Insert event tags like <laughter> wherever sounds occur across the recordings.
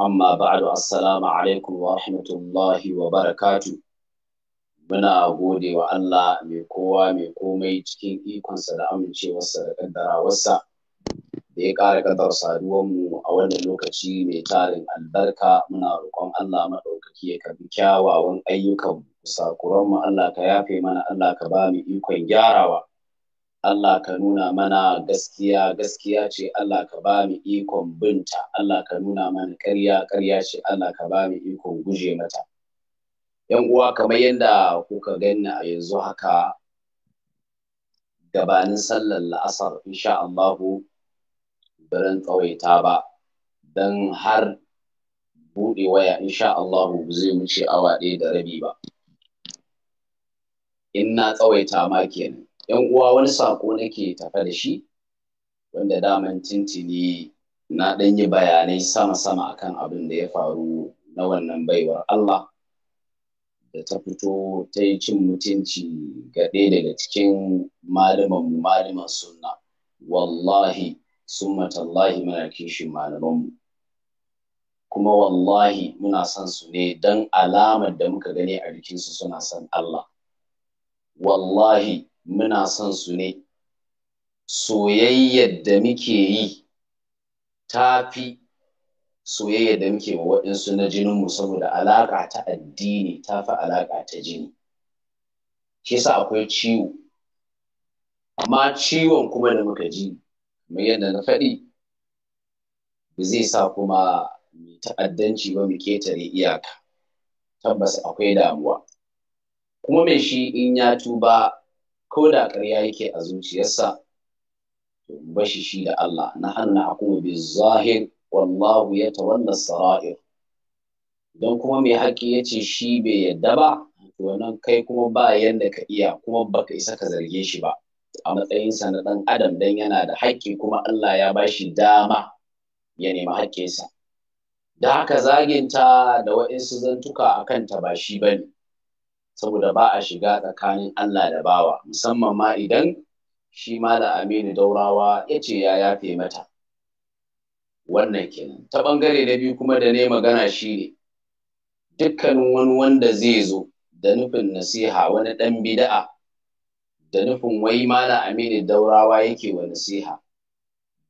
amma ba'du assalamu alaikum wa rahmatullahi wa barakatu muna gode wa Allah mai kowa mai komai cikin ikonsa da amincewarsa da kaddarawarsa da ya ƙara kaddar saduwanmu a wannan lokaci mai tarin albarka muna roƙon Allah maɗaukaki ya karbi kyawawan ayyukan kusakuranmu Allah ka yafe mana Allah ka ba mu ikon gyarawa Allah ka nuna mana gaskiya gaskiya ce Allah ka ba mu ikon binta Allah ka nuna mana ƙarya ƙarya ce Allah ka ba mu ikon guje mata yan uwa kamar yadda kuka gani a yanzu haka gabanin sallar la'asar insha Allahu baran tsawaita ba don har buɗe waya insha Allahu zai wuce awa ɗaya da rabi ba in na tsawaita ma kenan 'yan uwa wani sako nake tafa da shi wanda daman tintini na ɗan yi bayanai sama-sama akan abin da ya faru na wannan baiwar Allah da ta fito ta yi cin mutunci ga ɗaya daga cikin mu malaman sunna wallahi matallahi muna kishin malamanmu kuma wallahi muna son su ne don alamar da muka gani a jikinsu suna son Allah wallahi muna son su ne soyayyar da muke yi ta fi soyayyar da muke wa waɗansu na jininmu saboda alaƙa ta addini ta fi alaƙa ta jini shi sa akwai ciwo amma ciwon kuma da muka ji kamar yadda na faɗi ba zai sa kuma mai ta'addanci ba mu ketare iyaka tabbas akwai damuwa kuma mai shi in ya tuba ko da ƙarya yake a zuciyarsa to bashi shi da Allah na hanna hukumu bi zahir wallahu ya tawalla sara'ir don kuma mai haƙƙi ya ce shi bai yadda ba to kai kuma ba yanda ka iya kuma baka isa ka zarge shi ba a matsayinsa na ɗan adam dan yana da haƙƙi kuma Allah ya bashi dama ya nemi haƙƙinsa da haka zaginta da waɗansu zantuka a kanta ba shi bane saboda ba a shiga tsakanin Allah da bawa musamman ma idan shi da Aminu Daurawa ya ce ya yafe mata wannan kenan ta ɓangare na biyu kuma da ne magana shi ne dukkanin wani wanda zai zo da nufin nasiha wani ɗan bida'a da nufin wai mala aminu daurawa yake wa nasiha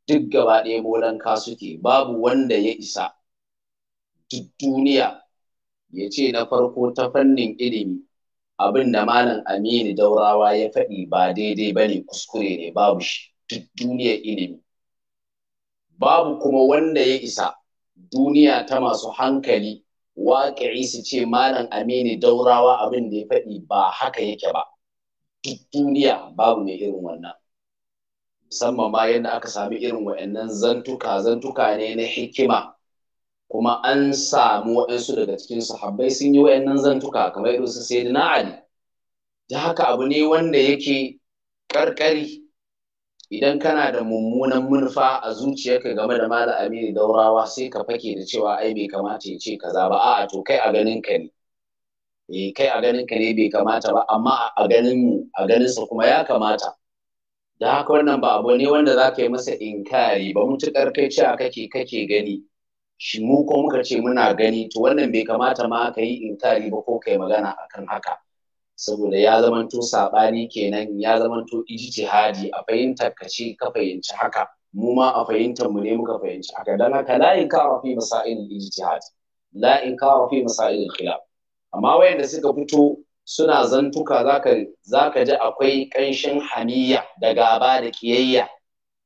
duk gaba ɗaya bolan ka suke babu wanda ya isa duk duniya ya ce na farko ta fannin ilimi abin da malam aminu daurawa ya faɗi ba daidai ba ne kuskure ne babu shi duk duniya ilimi babu kuma wanda ya isa duniya ta masu hankali waƙi su ce malam aminu daurawa abin da ya faɗi ba haka yake ba duk duniya babu mai irin wannan musamman ma yadda aka sami irin wa'annan zantuka zantuka ne na hikima kuma an samu waɗansu daga cikin sahabbai sun yi wayannan zantuka kamar yadda su na Ali da haka abu ne wanda yake karkari idan kana da mummunan munfa a zuciyarka game da mala amiri daurawa sai ka fake da cewa ai bai kamata ya ce kaza ba a'a to kai a ganin ka ne eh kai a ganin ka ne bai kamata ba amma a ganin mu a ganin sa kuma ya kamata da haka wannan ba abu ne wanda za ka yi masa inkari ba mutukar kai cewa kake kake gani shi mu ko muka ce muna gani to wannan bai kamata ma ka yi inkari ba ko kai magana akan haka saboda ya zamanto saɓani kenan ya zamanto ijtihadi a fahimtar ka ce ka fahimci haka mu ma a fahimtar mu ne muka fahimci haka dan haka la inkara fi masail ijtihad la kawo fi masail khilaf amma wayanda suka fito suna zantuka zaka zaka ji akwai kanshin hamiya da gaba da kiyayya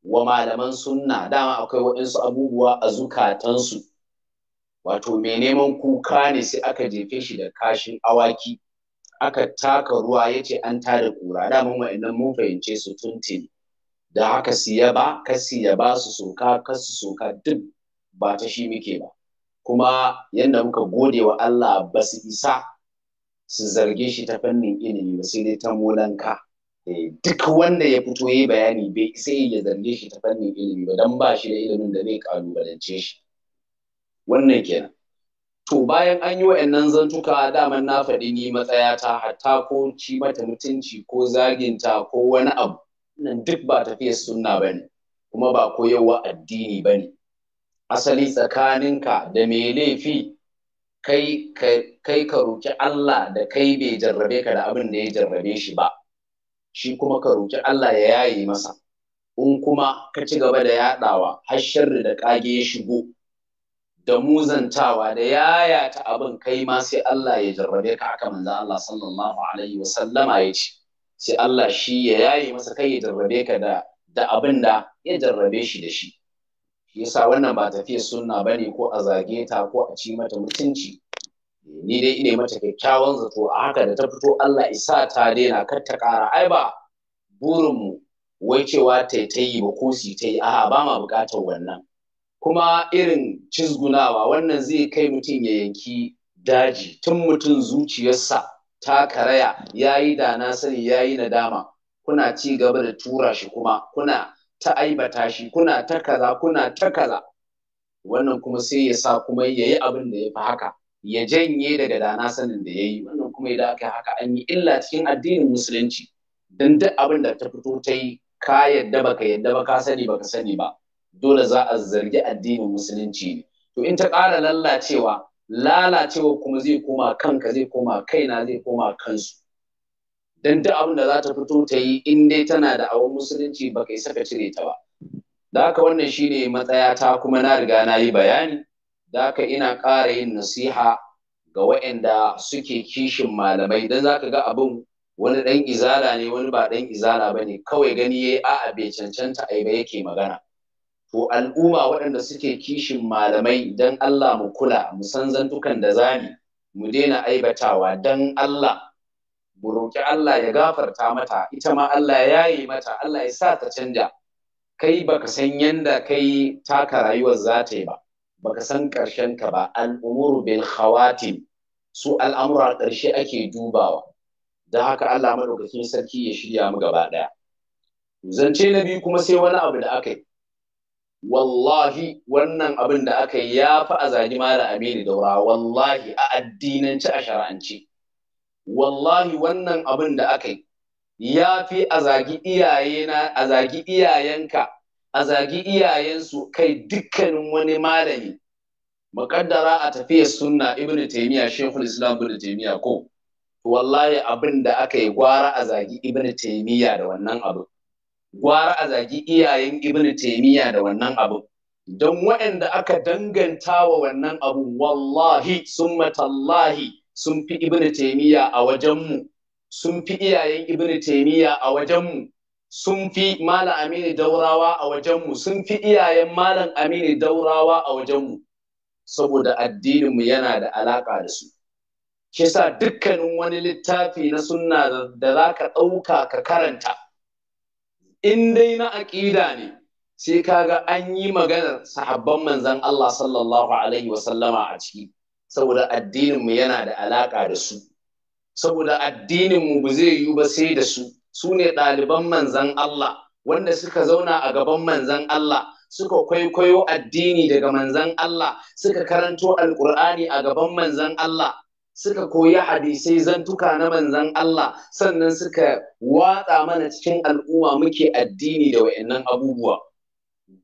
wa malaman sunna dama akwai waɗansu abubuwa a zukatansu wato mai neman kuka ne sai aka jefe shi da kashin awaki aka taka ruwa ya ce an tare kura daman wa'annan mun fahimce su tuntuni da haka siya ba ka siya ba su soka ka su soka duk ba ta shi muke ba kuma yadda muka gode wa Allah ba su isa su zarge shi ta fannin ilimi ba sai dai ta molanka Eh, duk wanda ya fito ya bayani bai sai ya zarge shi ta fannin ilimi ba don ba shi da ilimin da zai kalubalance shi wannan kenan to bayan an yi wa'annan zantuka daman na faɗi ni matsaya ta hatta ko ci mata mutunci ko zaginta ko wani abu nan duk ba tafiya sunna ba ne kuma ba koyarwa addini ba ne asali tsakaninka da mai laifi kai ka roki Allah da kai bai jarrabe ka da abin da ya jarrabe shi ba shi kuma ka roƙi Allah ya yaye masa in kuma ka ci gaba da yaɗawa har sharri da ƙage ya shigo da muzantawa da yayata abin kai ma sai Allah ya jarrabe ka haka manzo Allah sallallahu alaihi wa sallama ya ce sai Allah shi ya yaye masa kai ya jarrabe ka da da abin da ya jarrabe shi da shi yasa wannan ba tafiyar sunna bane ko a zage ta ko a ci mata mutunci ni dai ina mata kyakkyawan zato a haka da ta fito Allah isa ta daina kar ta ƙara ai ba burinmu wai cewa ta ta yi ba ko si ta yi a'a ba ma buƙatar wannan kuma irin cizgunawa wannan zai kai mutum ya yanki daji tun mutum zuciyarsa ta karaya ya yi da na sani ya yi nadama kuna ci gaba da tura shi kuma kuna ta aibata shi kuna ta kaza kuna ta kaza wannan kuma sai ya sa kuma ya yi abin da ya fi haka ya janye daga dana sanin da ya yi wannan kuma idan aka haka an yi illa cikin addinin musulunci don duk abin da ta fito ta yi ka yadda baka yadda ba ka sani baka sani ba dole za a zargi addinin musulunci ne to in ta ƙara lalacewa, lalacewa kuma zai koma kanka zai koma kaina zai koma kansu don duk abin da za ta fito ta yi in dai tana da awon musulunci baka isa ka cire ta ba da haka wannan shine matsaya ta kuma na riga na yi bayani da ina ƙara yin nasiha ga waɗanda suke kishin malamai don za ka ga abin wani ɗan izala ne wani ba ɗan izala ba ne kawai gani ya a'a bai cancanta ai ba yake magana to al'umma waɗanda suke kishin malamai don Allah mu kula mu san zantukan da zani mu daina aibatawa don Allah mu roƙi Allah ya gafarta mata ita ma Allah ya yi mata Allah ya sa ta canja kai baka san yanda kai taka rayuwar za ta yi ba baka san ƙarshen ka ba al'umuru bil khawatim su al'amura ƙarshe ake dubawa da haka Allah madaukakin sarki ya shirya mu gaba ɗaya zance na biyu kuma sai wani abu da aka yi wallahi wannan abin da aka yi ya fi a zagi mala amini daura wallahi a addinance a shara'ance. wallahi wannan abin da aka yi ya fi a zagi iyayenka a zagi iyayensu kai dukkanin wani malami makaddara a tafiyar sunna ibn taymiya shekul islam ibn taymiya ko wallahi abin da aka yi gwara a zagi ibn taymiya da wannan abu gwara a zagi iyayen ibn taymiya da wannan abu don waɗanda aka danganta wa wannan abu wallahi sun matallahi, sun fi ibn taymiya a wajenmu sun fi iyayen ibn taymiya a wajenmu sun fi malam aminu daurawa a wajenmu sun fi iyayen malam aminu daurawa a wajenmu saboda addininmu yana da alaƙa da su Kisa dukkanin wani littafi na sunna da za ka ɗauka ka karanta in dai na aƙida ne sai kaga an yi maganar sahabban manzan Allah sallallahu alaihi wasallama a ciki saboda addininmu yana da alaƙa da su saboda addininmu ba zai yiwu ba sai da su su ne ɗaliban manzan Allah wanda suka zauna a gaban manzan Allah suka kwaikwayo addini daga manzan Allah suka karanto Alƙur'ani a gaban manzan Allah suka koyi hadisai zantuka na manzan Allah sannan suka watsa mana cikin al'umma muke addini da wayannan abubuwa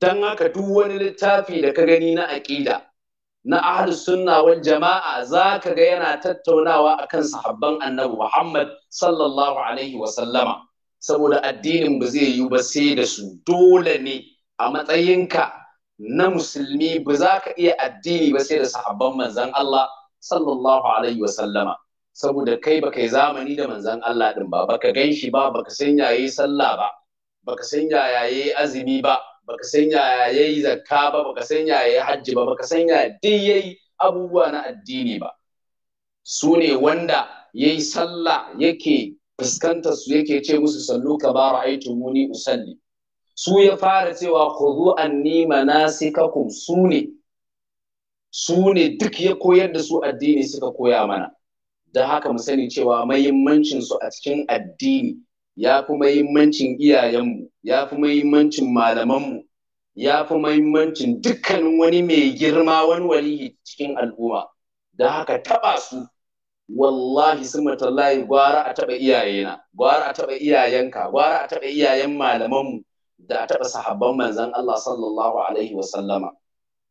don haka duk wani littafi da ka gani na aƙida na ahlu sunna wal jama'a za ka ga yana tattaunawa a kan sahabban annabi Muhammad sallallahu alaihi wa sallama saboda addinin ba zai yi ba sai da su dole ne a matsayinka na musulmi ba za ka iya addini ba sai da sahabban manzan Allah sallallahu alaihi wa sallama saboda kai ba kai zamani da manzan Allah din ba baka gan shi ba baka san yayi sallah ba baka san yayi azumi ba baka san ya yayi zakka ba baka san ya hajji ba baka san ya duk yayi abubuwa na addini ba su ne wanda yayi sallah yake fuskantar su yake ce musu sallu ka ba muni usalli su ya fara cewa khudhu anni manasikakum su ne su ne duk ya koyar da su addini suka koya mana da haka mu sani cewa mahimmancin su a cikin addini ya fi mahimmancin iyayenmu ya fi mahimmancin malamanmu ya fi mahimmancin dukkanin wani mai girma wani walihi cikin al'umma da haka taɓa su wallahi sumatallahi gwara a taba iyayena gwara a taba iyayenka gwara a taba iyayen malamanmu da a taba sahabban manzon Allah sallallahu alaihi wa sallama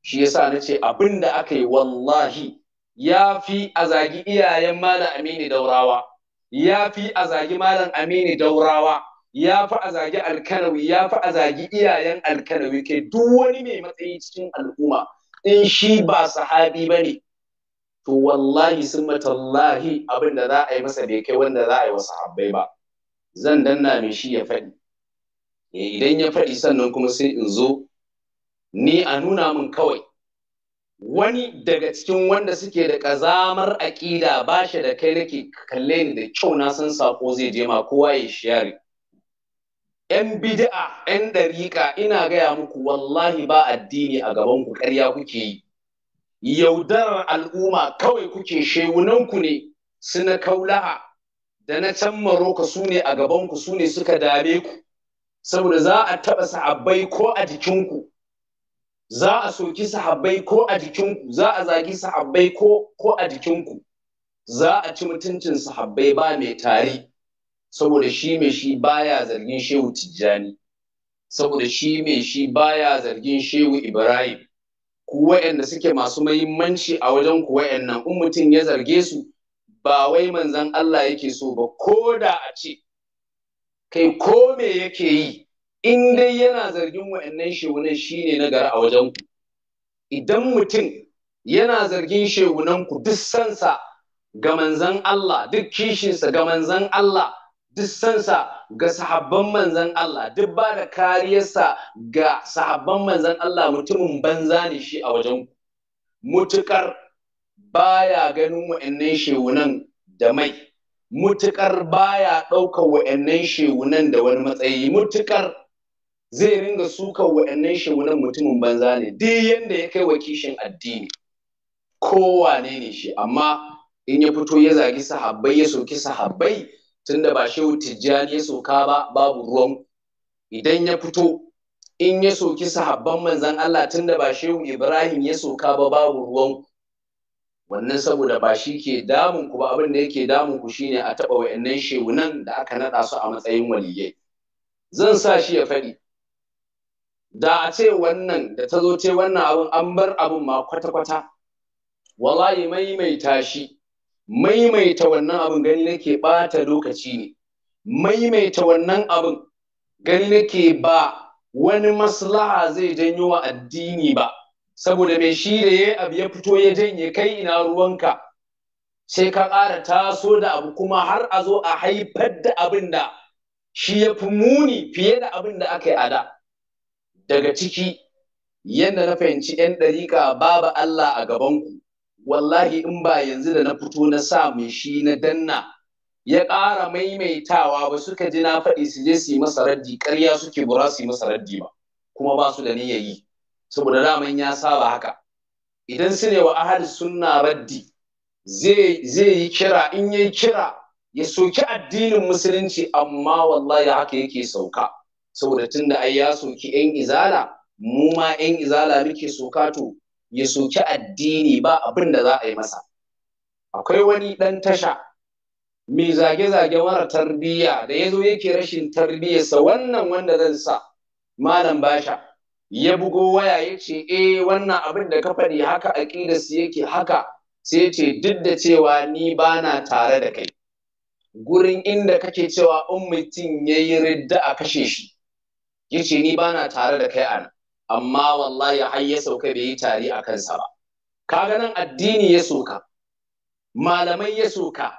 shi yasa nace abin da aka yi wallahi ya fi a zagi iyayen malam Aminu Daurawa ya fi a zagi malam aminu daurawa ya fi a zagi alkanawi ya fi a zagi iyayen alkanawi kai duk wani mai matsayi cikin al'umma in shi ba sahabi ba ne to wallahi sun matallahi abin da za a yi masa bai kai wanda za a yi wa sahabbai ba zan danna mai shi ya faɗi eh, idan ya faɗi sannan kuma sai in zo ni a nuna min kawai wani daga cikin wanda suke da ƙazamar aƙida ba shi da kai nake kalle ni da kyau na san sako zai je ma kowa ya share yan bid'a yan ɗariƙa ina gaya muku wallahi ba addini a gaban ku ƙarya kuke yi yaudarar al'umma kawai kuke shewunanku ne su na kaulaha da na can maroka su ne a gaban ku su ne suka dame ku saboda za a taɓa sa'abbai ko a jikinku za a soki sahabbai ko a jikinku za a zagi sahabbai ko ko a jikinku za a ci mutuncin sahabbai ba mai tari saboda shi mai shi baya zargin shehu tijjani saboda shi mai shi baya zargin shehu ibrahim ku wa'anda suke masu mahimmanci a wajen ku wa'annan in mutum ya zarge su ba wai manzan Allah yake so ba ko da a ce kai ko me yake yi in dai yana zargin wa'annan shehunan shine na gari a wajen ku idan mutum yana zargin shehunan ku duk sansa ga manzan Allah duk kishinsa ga manzan Allah duk sansa ga sahabban manzan Allah duk ba da kariyarsa ga sahabban manzan Allah mutumin banza ne shi a wajen ku mutukar baya ganin wa'annan shehunan da mai mutukar baya ɗaukar wa'annan shehunan da wani matsayi mutukar zai ringa suka wa'annan shewunan mutumin banza ne duk yadda ya kai wa kishin addini kowane ne shi amma in ya fito ya zagi sahabbai ya soki sahabbai tunda ba shehu tijjani ya soka ba babu ruwan idan ya fito in ya soki sahabban manzan Allah tunda ba shehu Ibrahim ya soka ba babu ruwan wannan saboda ba shi ke damun ku ba abin da yake damun ku shine a taɓa wa'annan shehunan da aka naɗa su a matsayin waliyyai. zan sa shi ya faɗi da a ce wannan da ta zo ce wannan abin an bar abin ma kwata-kwata wallahi maimaita shi maimaita wannan abin gani nake ɓata lokaci ne maimaita wannan abin gani nake ba wani maslaha zai janyo wa addini ba saboda mai shi da ya abu ya fito ya janye kai ina ruwanka sai ka ƙara taso da abu kuma har a zo a haifar da abin da shi ya fi muni fiye da abin da aka yi a da. daga ciki yadda na fahimci 'yan ɗarika babu Allah a gabanku wallahi in ba yanzu da na fito na sa mai shi na danna ya ƙara maimaitawa ba suka ji na faɗi su je su yi masa raddi ƙarya suke bura su yi masa raddi ba kuma ba su da niyyar yi saboda daman ya saba haka idan su ne wa ahad sunna raddi zai yi kira in yi kira ya soki addinin musulunci amma wallahi haka yake sauka saboda tunda ai ya soki yan izala mu ma yan izala muke soka to ya soki addini ba abin da za a yi masa akwai wani ɗan tasha mai zage-zage mara tarbiyya da ya zo yake rashin tarbiyyarsa wannan wanda zan sa malam basha ya bugo waya ya ce eh wannan abin da ka faɗi haka aƙidarsu yake haka sai ce duk da cewa ni ba na tare da kai gurin inda kake cewa in mutum ya yi ridda a kashe shi ya ni bana tare da kai a nan amma wallahi har ya sauka bai yi tari a kansa ba kaga nan addini ya soka malamai ya soka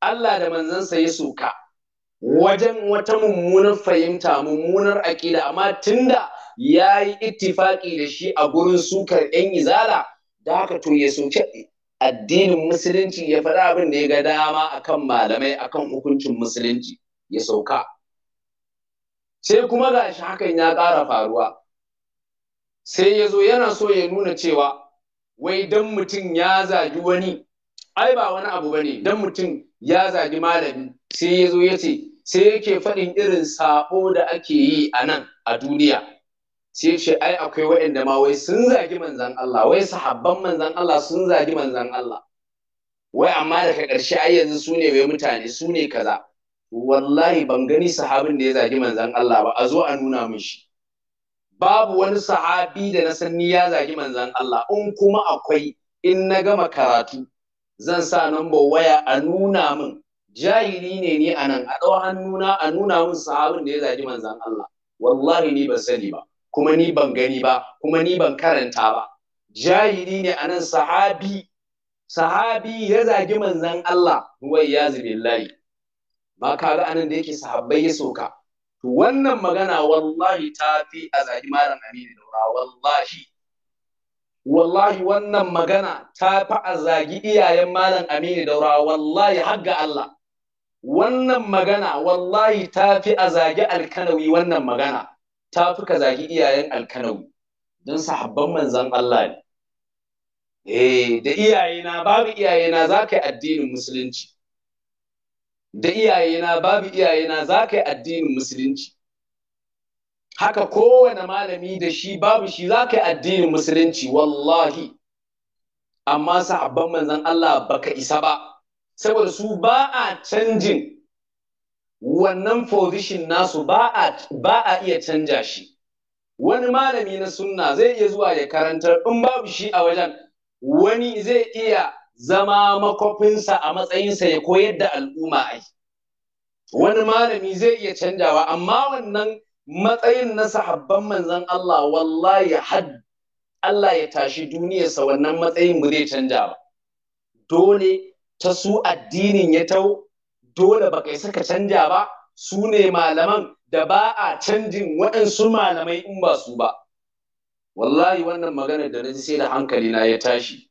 Allah da manzansa ya soka wajen wata mummunar fahimta mummunar aƙida amma tunda ya yi ittifaƙi da shi a gurin sukar 'yan izala da haka to ya addinin musulunci ya faɗa abin da ya ga dama akan malamai akan hukuncin musulunci ya sauka sai kuma shi hakan ya ƙara faruwa sai ya zo yana so ya nuna cewa wai dan mutum ya zagi wani ai ba wani abu ba ne, dan mutum ya zagi malami sai ya zo ya ce sai yake faɗin irin saɓo da ake yi a nan a duniya sai ce ai akwai waɗanda ma wai sun zagi manzan Allah wai sahabban manzan Allah sun zagi manzan Allah wai amma daga ƙarshe ai yanzu su ne wai mutane su ne kaza wallahi ban gani sahabin da ya zagi manzan Allah ba a zo a nuna min shi babu wani sahabi da na san ni ya zagi manzan Allah in kuma akwai in na gama karatu zan sa namba waya a nuna min jahili ne ni a nan a ɗau hannuna a nuna min sahabin da ya zagi manzan Allah wallahi ni ban sani ba kuma ni ban gani ba kuma ni ban karanta ba jahili ne a nan sahabi sahabi ya zagi manzan Allah wai ya zubillahi ba ka ga anan da yake sahabbai ya soka to wannan magana wallahi ta fi a zagi malam aminu daura wallahi wallahi wannan magana ta fi a zagi iyayen malam aminu daura wallahi har ga Allah wannan magana wallahi ta fi a zagi alkanawi wannan magana ta fi ka zagi iyayen alkanawi don sahabban manzan Allah ne eh da iyayena babu iyayena za ka yi addinin musulunci da iyayena babu iyayena za ka yi addinin musulunci haka kowane malami da shi babu shi za ka yi addinin musulunci wallahi amma sahabban manzan Allah baka isa ba saboda su ba a canjin wannan position nasu ba a iya canja shi wani malami na sunna zai iya zuwa ya karantar in babu shi a wajen wani zai iya zama makofinsa a matsayinsa ya koyar da al'umma ai wani malami zai iya canjawa amma wannan matsayin na sahabban manzon Allah wallahi had Allah ya tashi duniyarsa wannan matsayin mu zai canja ba dole ta su addinin ya tau dole ba kai saka canja ba su ne malaman da ba a canjin waɗansu malamai in ba su ba wallahi wannan magana da na sai da hankali na ya tashi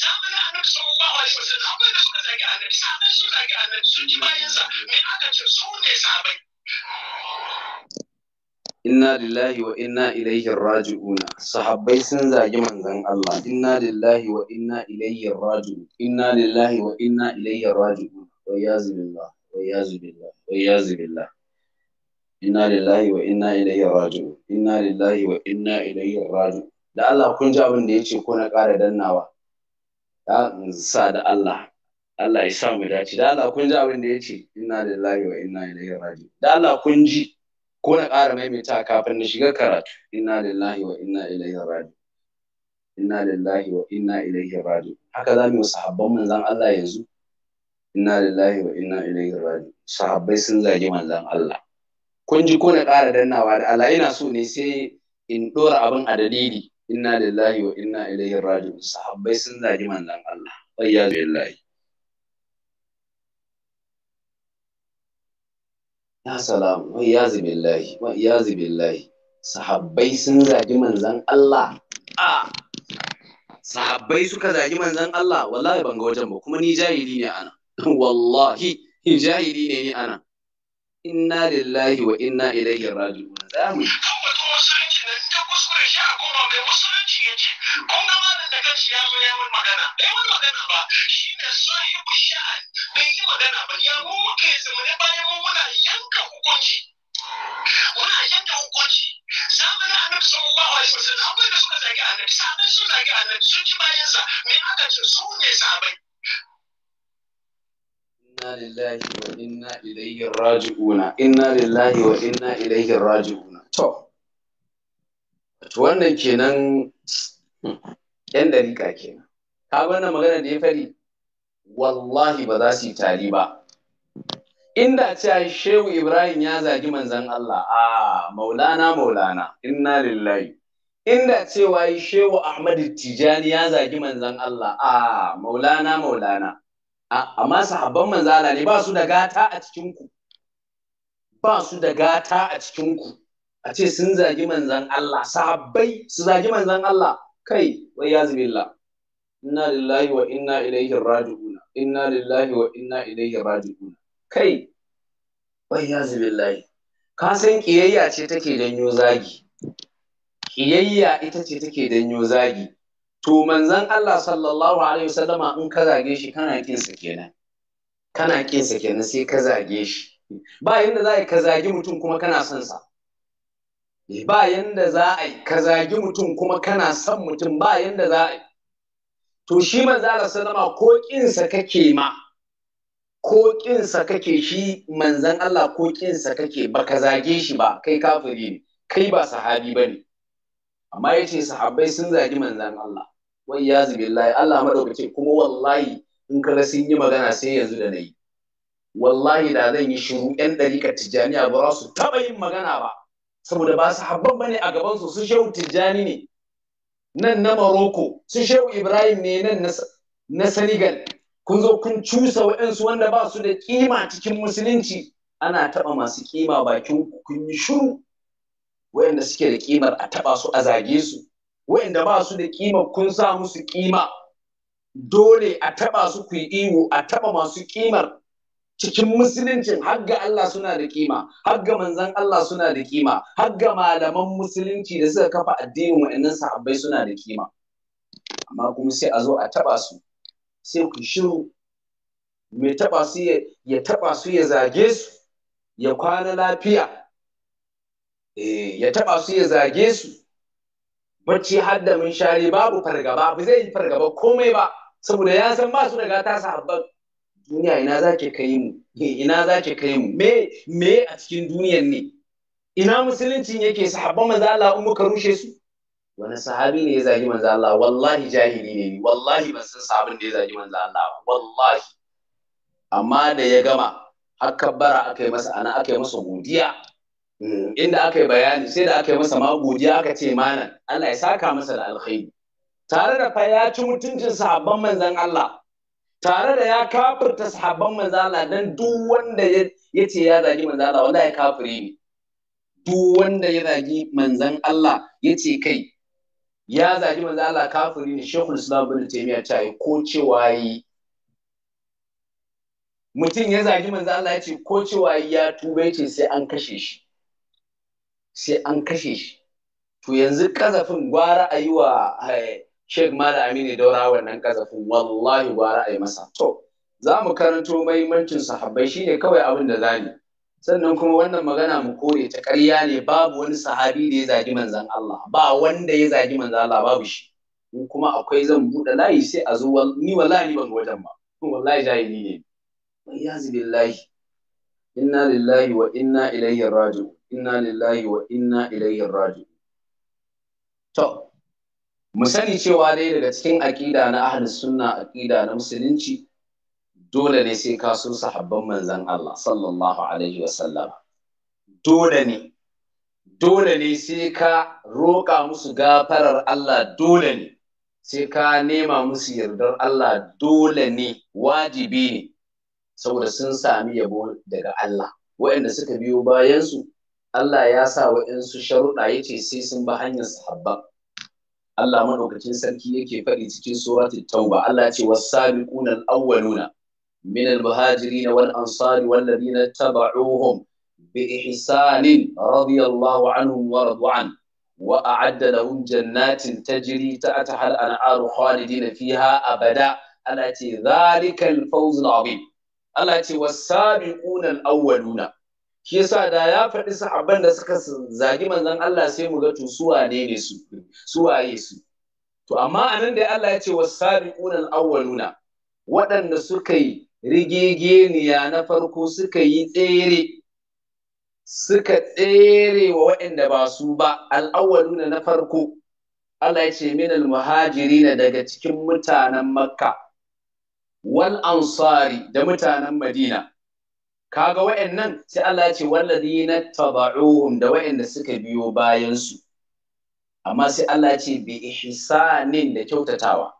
zamanin annabi sallallahu alaihi wasallam akwai da suka zagi annabi sahabbai sun zagi annabi sun ji bayansa me aka ce su ne sahabbai inna lillahi wa inna ilaihi raji'una sahabbai sun zagi manzon Allah inna lillahi wa inna ilaihi raji'un inna lillahi wa inna ilaihi raji'un wa yazu billah wa yazu billah wa yazu billah inna lillahi wa inna ilaihi raji'un inna lillahi wa inna ilaihi raji'un da Allah kun ji abin da yace ko na ƙara dannawa sa da Allah Allah ya sa mu dace da Allah kun ji abin da ya ce inna lillahi wa inna ilaihi raji da Allah kun ji ko na ƙara maimaita kafin na shiga karatu inna lillahi wa inna ilaihi raji inna lillahi wa inna ilaihi raji haka za mu yi sahabban manzon Allah yanzu inna lillahi wa inna ilaihi raji sahabbai sun zagi manzon Allah kun ji ko na ƙara dannawa da Allah ina so ne sai in ɗora abin a dalili inna lillahi wa inna ilaihi raji'un sahabbai sun zagi manzon Allah wayyazu billahi ya salam wayyazu billahi wayyazu billahi sahabbai sun zagi manzon Allah a sahabbai suka zagi manzon Allah wallahi ban ga wajen ba kuma ni jahili ne ana <laughs> wallahi jahili ne ni ana inna lillahi wa inna ilaihi raji'un zamu mai musulunci ya ce kun ga malam da shi ya zo ya wani magana bai wani magana ba shi ne sahibu sha'ani bai yi magana ba ya mu muke ne bayan mu muna yanka hukunci muna yanka hukunci zamanin annabi sallallahu alaihi wasallam akwai da suka zage annabi sabbin sun zage annabi sun bayan bayansa me aka ce su ne sabai. inna lillahi wa inna ilayhi raji'una inna lillahi wa inna ilayhi raji'una to to wannan kenan yan dariƙa kenan ka wannan magana da ya fari wallahi ba za su yi tari ba inda a shehu ibrahim ya zagi manzan Allah a maulana maulana inna lillahi inda cewa shehu ahmad tijani ya zagi manzan Allah a maulana maulana amma sahabban manzan manzana ne ba su da gata a cikinku ba su da gata a cikinku a ce sun zagi manzan Allah sahabbai su zagi manzan Allah kai wai ya zubilla inna lillahi wa inna ilaihi raji'una inna lillahi wa inna ilaihi raji'una kai wai ya zubillahi ka san kiyayya ce take janyo zagi kiyayya ita ce take danyo zagi to manzan Allah sallallahu alaihi wasallama in ka zage shi kana kin sa kenan kana kin sa kenan sai ka zage shi ba yanda za ka zagi mutum kuma kana son sa ba yanda za a yi ka zagi mutum kuma kana son mutum ba yanda za a yi to shi manzo Allah sallama ko kinsa kake ma ko kinsa kake shi manzon Allah ko kinsa kake Ba ka zage shi ba kai kafiri ne kai ba sahabi ba ne. amma yace sahabai sun zagi manzon Allah wai ya zubillahi Allah madaukake kuma wallahi in kaga sun yi magana sai yanzu da na yi. wallahi da zan yi shiru yan dariƙar tijjaniya ba su taɓa yin magana ba saboda ba su habban bane a gabansu su shehu tijjani ne nan na Maroko. su shehu Ibrahim ne nan na Senegal kun zo kun cusa waɗansu wanda ba su da kima cikin musulunci ana taɓa masu kima bakin kun yi shuru waɗanda suke da kimar a taɓa su a zage su waɗanda ba su da kima kun sa musu kima dole a taɓa su ku yi iwo a taɓa masu kimar cikin musuluncin har Allah suna da kima har ga manzon Allah suna da kima har malaman musulunci da suka kafa addinin waɗannan sahabbai suna da kima amma kuma sai a zo a taba su sai ku shiru mai taba su ya taba su ya zage su ya kwana lafiya E ya taba su ya zage su bacci har da mun share babu fargaba ba zai yi fargaba komai ba saboda ya san ba su daga tasa sahabban duniya ina za ki kai mu <laughs> ina za ki kai mu me me a cikin duniyar ne ina musuluncin yake sahabban manzo Allah in ka rushe su wani sahabi ne ya zagi manzo Allah wallahi jahili ne ni wallahi ban san sahabin da ya zagi manzo Allah wallahi amma da ya gama aka bara aka yi masa ana aka yi masa godiya mm, inda aka yi bayani sai da aka yi masa ma godiya aka ce mana Allah ya saka masa da alkhairi tare da fa ya ci mutuncin sahabban manzon Allah tare da ya kafirta sahabban manzala dan duk wanda ya ce ya zagi manzala wanda ya kafire ne duk wanda ya zagi manzan Allah ya ce kai ya zagi manzala kafiri ne shekul islam bin taimiyya ta yi ko cewa yi mutum ya zagi manzan Allah ya ce ko cewa ya tuba ya ce sai an kashe shi sai an kashe shi to yanzu kazafin gwara a yi wa eh, Sheikh ne Aminu Daura wannan kazafin wallahi gwara ra'ayi masa. To, za mu karanto mahimmancin sahabbai shine kawai abin da zani. Sannan kuma wannan magana mu kore ta ƙarya ne babu wani sahabi da ya zagi manzan Allah, ba wanda ya zagi manzan Allah babu shi. In kuma akwai zan buɗe layi sai a zo ni wallahi ban wajen ba. Wallahi jahili ne. Wayyazu billahi. Inna lillahi wa inna ilayhi raji'un. Inna lillahi wa inna ilayhi raji'un. To, mu sani cewa dai daga cikin aƙida na ahli sunna aƙida na musulunci dole ne sai ka so sahabban manzon Allah sallallahu alaihi wa sallam. dole ne dole ne sai ka roƙa musu gafarar Allah dole ne sai ka nema musu yardar Allah dole ne wajibi ne saboda sun sami yabo daga Allah waɗanda suka biyo bayansu Allah ya sa waɗansu sharuɗa ya ce sai sun bi hanyar sahabban Allah madaukakin sarki yake faɗi cikin suratul tauba Allah ce was-sabiquna al-awwaluna min al-muhajirin wal ansari wal ladina tabauhum bi ihsanin radiyallahu anhum wa radu an wa a'adda lahum jannatin tajri ta'taha al-anharu khalidina fiha abada Allah ce zalikal fawzul azim Allah ce was-sabiquna al-awwaluna shi yasa da ya faɗi sahabban da suka zagi manzon Allah sai mu ga to su wane ne su su waye su to amma anan da Allah ya ce was-sabiquna al-awwaluna waɗanda suka yi rigegeniya na farko suka yi tsere suka tsere wa waɗanda ba su ba al-awwaluna na farko Allah ya ce min al daga cikin mutanen Makka wal ansari da mutanen Madina Ka ga wa'annan sai Allah ya ce walladina tada'uhum da wa'anda suka biyo bayansu. su amma sai Allah ya ce bi ihsanin da kyautatawa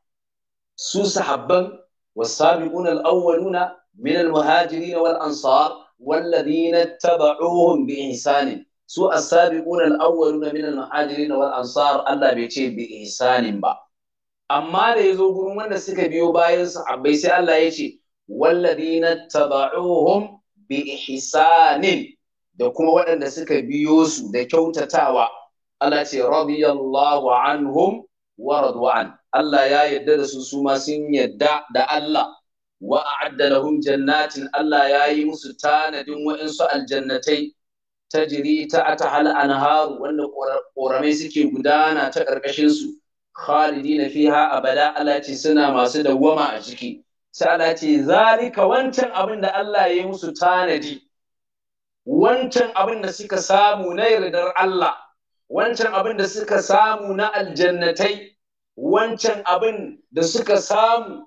su sahabban wasabiquna al-awwaluna min al-muhajirin wal ansar walladina tada'uhum bi ihsanin su a sabiquna al-awwaluna min al-muhajirin Allah bai ce bi ihsanin ba amma da yazo gurin wanda suka biyo bayan sahabbai sai Allah ya ce walladina tada'uhum bi ihsanin da kuma waɗanda suka biyo su da kyautatawa Allah ce radiyallahu anhum wa radwan Allah ya yarda da su su ma sun yarda da Allah wa a'adda lahum jannatin Allah ya yi musu tanadin wa'insu aljannatai tajri ta atahal anharu wanda ƙoramai suke gudana ta ƙarƙashin su khalidina fiha abada Allah ce suna masu dawwama a ciki sai Allah ce zalika wancan abin da Allah ya yi musu tanadi wancan abin da suka samu na yardar Allah wancan abin da suka samu na aljannatai wancan abin da suka samu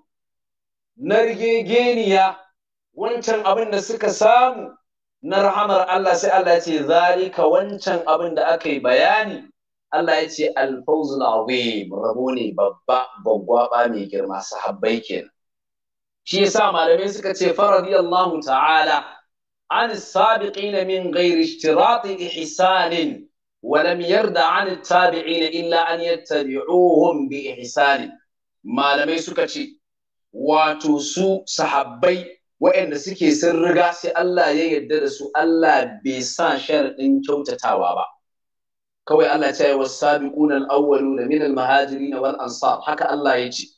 na rigegeniya wancan abin da suka samu na rahamar Allah sai Allah ce ce zalika wancan abin da aka yi bayani Allah ya ce alfawzul azim rabo ne babba gwaggwaba mai girma sahabbai kenan shi yasa malamai suka ce fa radiyallahu ta'ala an sabiqina min ghairi ishtirati ihsanin wa lam yarda an tabi'ina illa an yattabi'uhum bi ihsanin malamai suka ce wato su sahabbai waɗanda suke sun riga sai Allah ya yarda da su Allah bai sa sharadin kyautatawa ba kawai Allah ya ce wa sabiquna al-awwaluna min al-muhajirin wal ansar haka Allah ya ce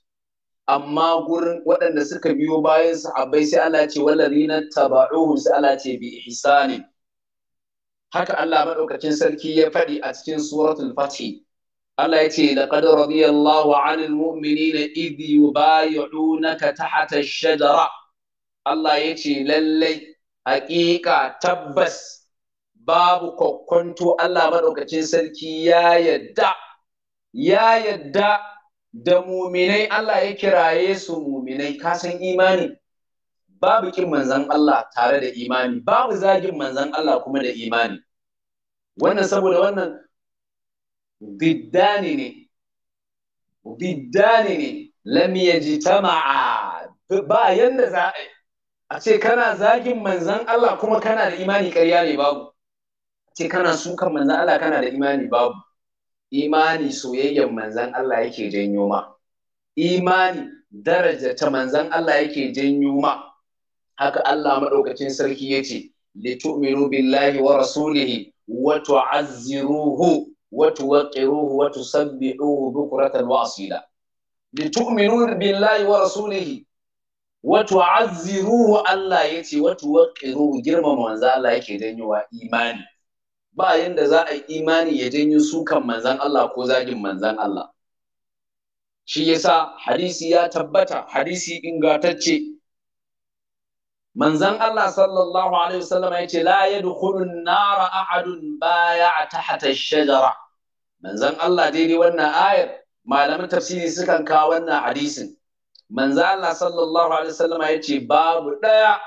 amma gurin waɗanda suka biyo bayan sahabbai sai Allah ce na taba'uhu sai Allah ce bi ihsani haka Allah madaukakin sarki ya faɗi a cikin suratul fath Allah ya ce laqad radiyallahu 'anil mu'minina idh yubayyi'unaka tahta ash-shajara Allah ya ce lallai haƙiƙa tabbas babu kokkonto Allah madaukakin sarki ya yadda ya yadda da muminai Allah ya kiraye su muminai ka san imani babu kin manzan Allah tare da imani babu zagin manzan Allah kuma da imani wannan saboda wannan biddani ne biddani ne lam yajtama'a ba yanda za a ce kana zagin manzan Allah kuma kana da imani ƙarya ne babu ce kana sukan manzan Allah kana da imani babu imani soyayyen manzan Allah yake janyo ma imani daraja ta manzan Allah yake janyo ma haka Allah madaukakin sarki yace litu'minu billahi wa rasulihi wa tu'azziruhu wa tuwaqqiruhu wa tusabbihuhu bukratan wa asila litu'minu billahi wa rasulihi wa tu'azziruhu Allah yace wa tuwaqqiruhu girmama manzan Allah yake wa imani ba yanda za a yi imani ya janyo sukan manzan Allah ko zagin manzan Allah shi yasa hadisi ya tabbata hadisi ingatacce manzan Allah sallallahu alaihi wasallam ya ce la yadkhulu nara ahadun baya a tahata shajara manzan Allah daidai wannan ayar malaman tafsiri sukan kawo wannan hadisin manzan Allah sallallahu alaihi wasallam ya ce babu ɗaya.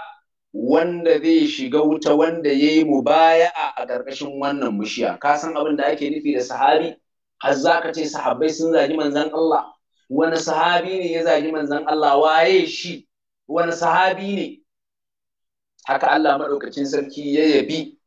wanda zai shiga wuta wanda ya yi mubaya'a a ƙarƙashin wannan bishiya ka san abin da ake nufi da sahabi har za ka ce sahabbai sun zagi manzan Allah wani sahabi ne ya zagi manzan Allah waye shi wani sahabi ne haka Allah maɗaukacin sarki ya yabi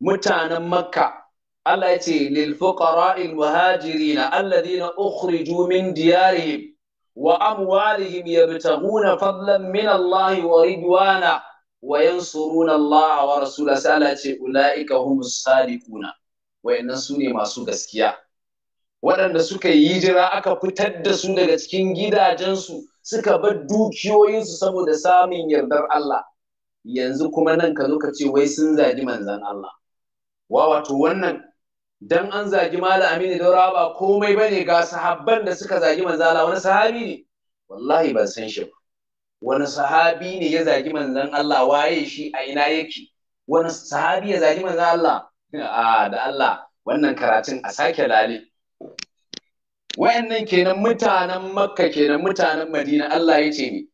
mutanen makka Allah ya ce lil fuqara'il muhajirina alladhina ukhriju min diyarihim wa amwalihim yabtaghuna fadlan min Allah wa ridwana wa yansuruna Allah wa Rasulullah sai Allah ce ulaika humus sadiquna wayannan su ne masu gaskiya waɗanda suka yi jira aka fitar da su daga cikin gidajensu suka bar dukiyoyinsu saboda samun yardar Allah yanzu kuma nan ka zo ka ce wai sun zagi manzan Allah wa wato wannan dan an zagi Malam Aminu da raba, komai bane ga sahabban da suka zagi manzan Allah wani sahabi ne wallahi ban san shi ba wani sahabi ne ya zagi manzon Allah waye shi a ina yake wani sahabi ya zagi manzon Allah a <laughs> ah, da Allah wannan karatun a sake lale wayannan kenan mutanen makka kenan mutanen madina Allah ya ce ne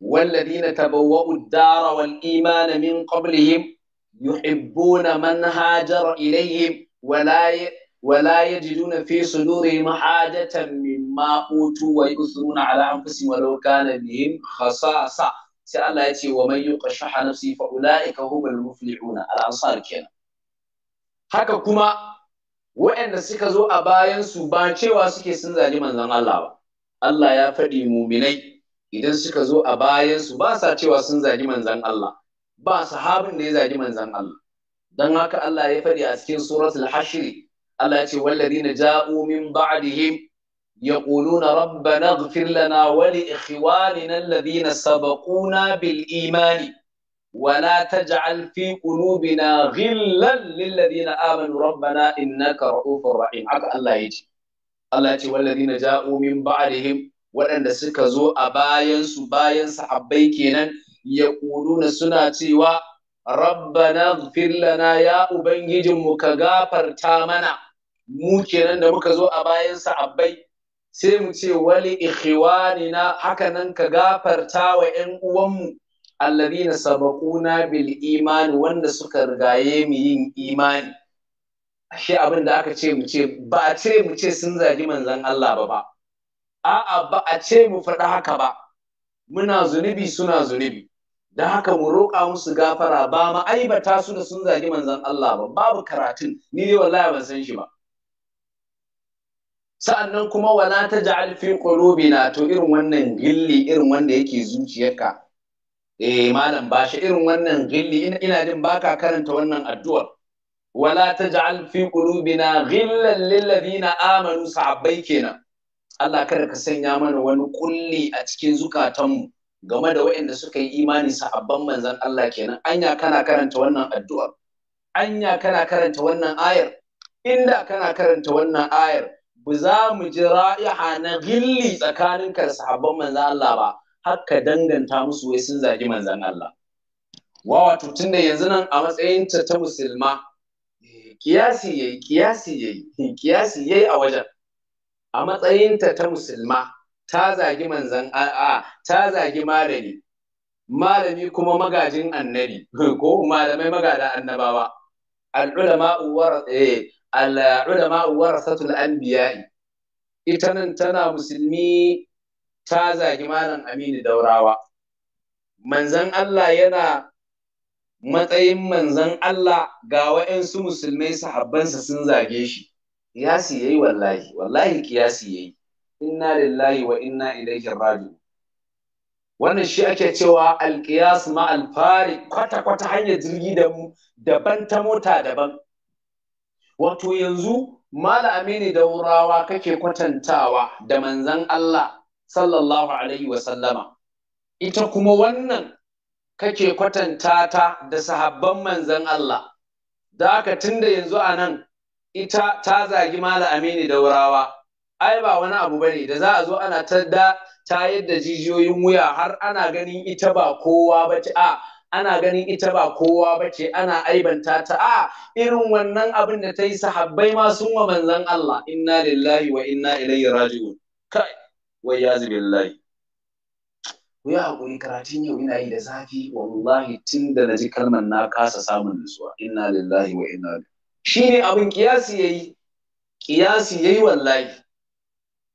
والذين تبوأوا الدار والإيمان من قبلهم يحبون من هاجر إليهم ولا ولا يجدون في صدورهم حاجة ma utu wa yusruna ala anfusihim walau kana bihim khasasa sai Allah ya ce wa man yuqashaha nafsi fa ulaika humul muflihuna al-ansar kenan haka kuma waɗanda suka zo a bayan su ba cewa suke sun zali manzan Allah ba Allah ya faɗi muminai idan suka zo a bayan su ba sa cewa sun zali manzan Allah ba sahabin da ya zali manzan Allah don haka Allah ya faɗi a cikin suratul hashr Allah ya ce wallazina ja'u min ba'dihim يقولون ربنا اغفر لنا ولإخواننا الذين سبقونا بالإيمان ولا تجعل في قلوبنا غلا للذين آمنوا ربنا إنك رؤوف رحيم عك الله يجي الله يجي والذين جاءوا من بعدهم وأن سكزوا أباين سباين صحبي كينا يقولون سنة سوى ربنا اغفر لنا يا أبنجي مكغافر تامنا mu kenan da muka zo a bayan sahabbai sai mu ce wali Haka nan ka gafarta wa ƴan uwanmu alladina sabaquna bil imani wanda suka rigaye mu yin imani ashe abin da aka ce mu ce ba a ce mu ce sun zagi manzon Allah ba ba a'a ba a ce mu faɗi haka ba muna zunubi suna zunubi da haka mu roƙa musu gafara ba ma'aibata su da sun zagi manzon Allah ba babu karatun ni dai wallahi ban san shi ba sa'annan kuma wala alfin ƙorobi na to irin wannan gilli irin wanda yake zuciyarka E, malam ba shi irin wannan gilli ina jin baka karanta wannan addu'ar wala alfin ƙorobi na gillan lillabi na amanu sahabbai kenan Allah kada ka sanya mana wani kulli a cikin zukatanmu game da waɗanda suka yi imani sa'abban manzan Allah kenan anya kana karanta wannan addu'ar anya kana karanta wannan ayar inda kana karanta wannan ayar ba za mu ji ra'iha na gilli tsakanin ka sahabban manzan Allah ba haka danganta musu wai sun zagi manzan Allah wa wato tunda yanzu nan a matsayin ta ta musulma eh, kiyasi yayi kiyasi yayi <laughs> kiyasi yayi a wajen a matsayin ta ta musulma ta zagi manzan a'a ta zagi malami malami kuma magajin annabi <laughs> ko malamai magada annabawa al-ulama wa eh al'ulama warasatul anbiya'i ita nan tana musulmi ta zagi malam aminu daurawa manzan Allah yana matsayin manzan Allah ga wa'yansu musulmai sahabbansa sun zage shi kiyasi yi wallahi wallahi kiyasi yi. inna lillahi wa inna ilaihi raji'un wannan shi ake cewa alkiyas ma alfari kwata kwata hanyar jirgi da mu daban ta mota daban wato yanzu mala amini daurawa kake kwatantawa da manzan Allah sallallahu alaihi wasallama ita kuma wannan kake kwatanta ta da sahabban manzan Allah da haka tunda yanzu a nan ita ta zagi mala amini wurawa. ai ba wani abu bane da za a zo ana ta da ta yadda jijiyoyin wuya har ana ganin ita ba kowa ba a ana ganin ita ba kowa ba ce ana aibanta ta a irin wannan abin da ta yi sahabbai ma sun wa manzan Allah inna lillahi wa inna ilayhi raji'un kai wai ya zube lillahi. ku yi hakuri karatun yau ina yi da zafi wallahi tun da na ji kalmar na kasa samun nutsuwa inna lillahi wa inna shi ne abin kiyasi ya yi kiyasi ya yi wallahi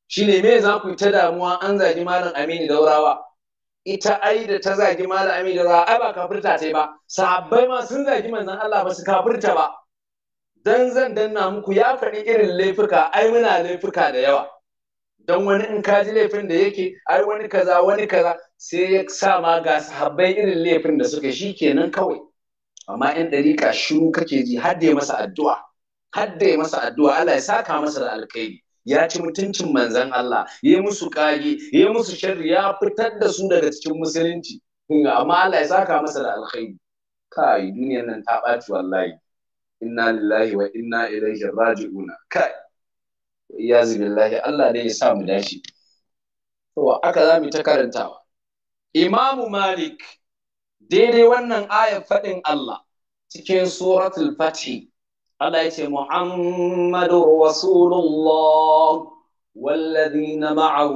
shi ne me za ku yi ta damuwa an zagi malam aminu daurawa ita ai da ta zagi malami da za a ba kafirta ta ba sahabbai ma sun zagi manzon Allah ba su kafirta ba dan zan danna muku ya faɗi irin laifuka ai muna laifuka da yawa dan wani in ka ji laifin da yake ai wani kaza wani kaza sai ya sa ma ga sahabbai irin laifin da suka shi kenan kawai amma 'yan dariƙa shiru kake ji har da masa addu'a har da masa addu'a Allah ya saka masa da alkhairi ya ci mutuncin manzan Allah ya musu kage ya musu sharri ya fitar da su daga cikin musulunci amma Allah ya saka masa da alkhairi kai duniyar nan ta ɓaci wallahi inna lillahi wa inna ilaihi raji'una kai ya lillahi Allah ne ya sa mu dashi to aka za mu ta karantawa Imam Malik daidai wannan ayar fadin Allah cikin suratul Fatih Allah محمد رسول الله والذين معه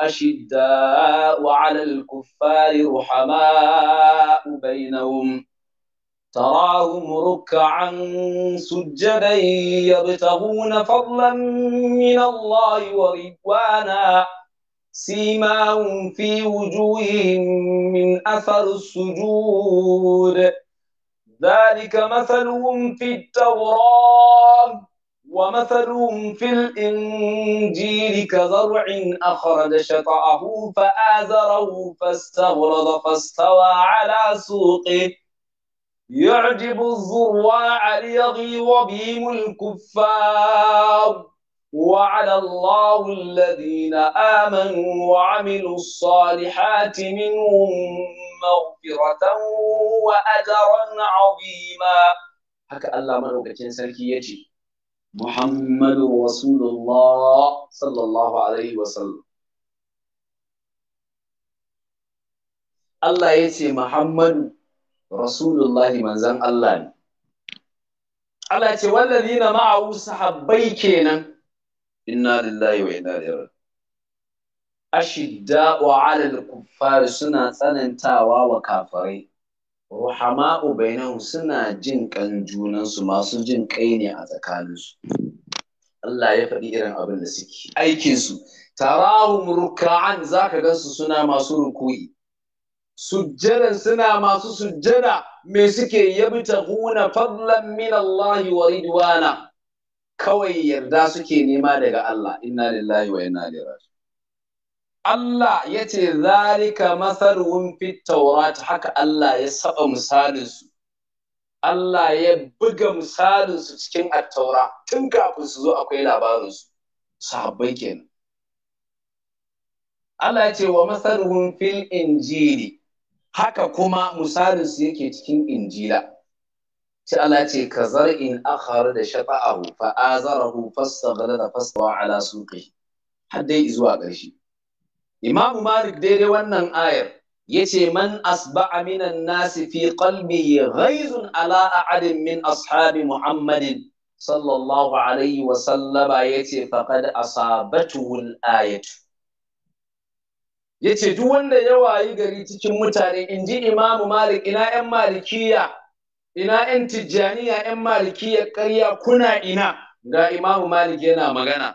أشداء وعلى الكفار رحماء بينهم تراهم ركعا سجدا يبتغون فضلا من الله ورضوانا سيماهم في وجوههم من أثر السجود ذلك مثلهم في التوراة ومثلهم في الإنجيل كزرع أخرج شطأه فآزره فاستغرض فاستوى على سوقه يعجب الزروع ليغيظ بهم الكفار وعلى الله الذين آمنوا وعملوا الصالحات منهم مغفرة وأجرا عظيما haka Allah maɗaukacin sarki ya ce, Muhammadu Rasulullah sallallahu Alaihi wasallam. Allah ya ce Muhammadu Rasulullah manzan Allah ne. Allah ce wallazi na ma'awu sahabbai kenan. Inna lillahi wa inna ashidda wa alal kuffari suna tsanantawa wa kafirai ruhama'u bainahum suna jin kan junansu masu jin kai ne a tsakaninsu Allah ya faɗi irin abin da suke aikinsu tarahum ruk'an zaka su suna masu ruku'i sujjadan suna masu sujjada me suke huna fadlan min Allah wa ridwana kawai yarda suke nema daga Allah inna lillahi wa inna ilaihi Allah ya ce zalika mathaluhum fit ta haka Allah ya saba misalinsu Allah ya buga misalinsu cikin attaura tun kafin su zo akwai labarinsu sahabbai kenan Allah ya ce wa mathaluhum fil injili haka kuma misalinsu yake cikin injila sai Allah ya ce ka zar'in akhar da shata'ahu fa azarahu fastaghlada fastawa ala suqi har dai zuwa ƙarshe Imamu Malik daidai wannan ayar yace man asba'a minan nasi fi ya ghaizun ala ahadin min ashabi Muhammadin sallallahu alaihi wa ce yace da Asabatu Wul'ayatu. Ya yace duk wanda ya wayi gari cikin mutane inji Imamu Malik ina yan malikiya ina yan tijjaniya yan malikiya ƙarya kuna ina ga Imamu Malik yana magana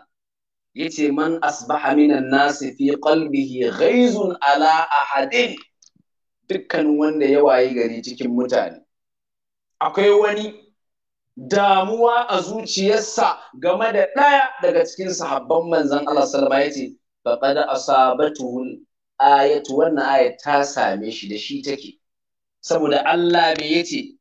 yace man asbaha minan nasi fi qalbihi ghaizun ala ahadin dukkan wanda ya wayi gari cikin mutane akwai wani damuwa a zuciyarsa game da ɗaya daga cikin sahabban manzon Allah wasallam yace faqad asabatuhu ayatu wannan aya ta same shi da shi take saboda Allah me yace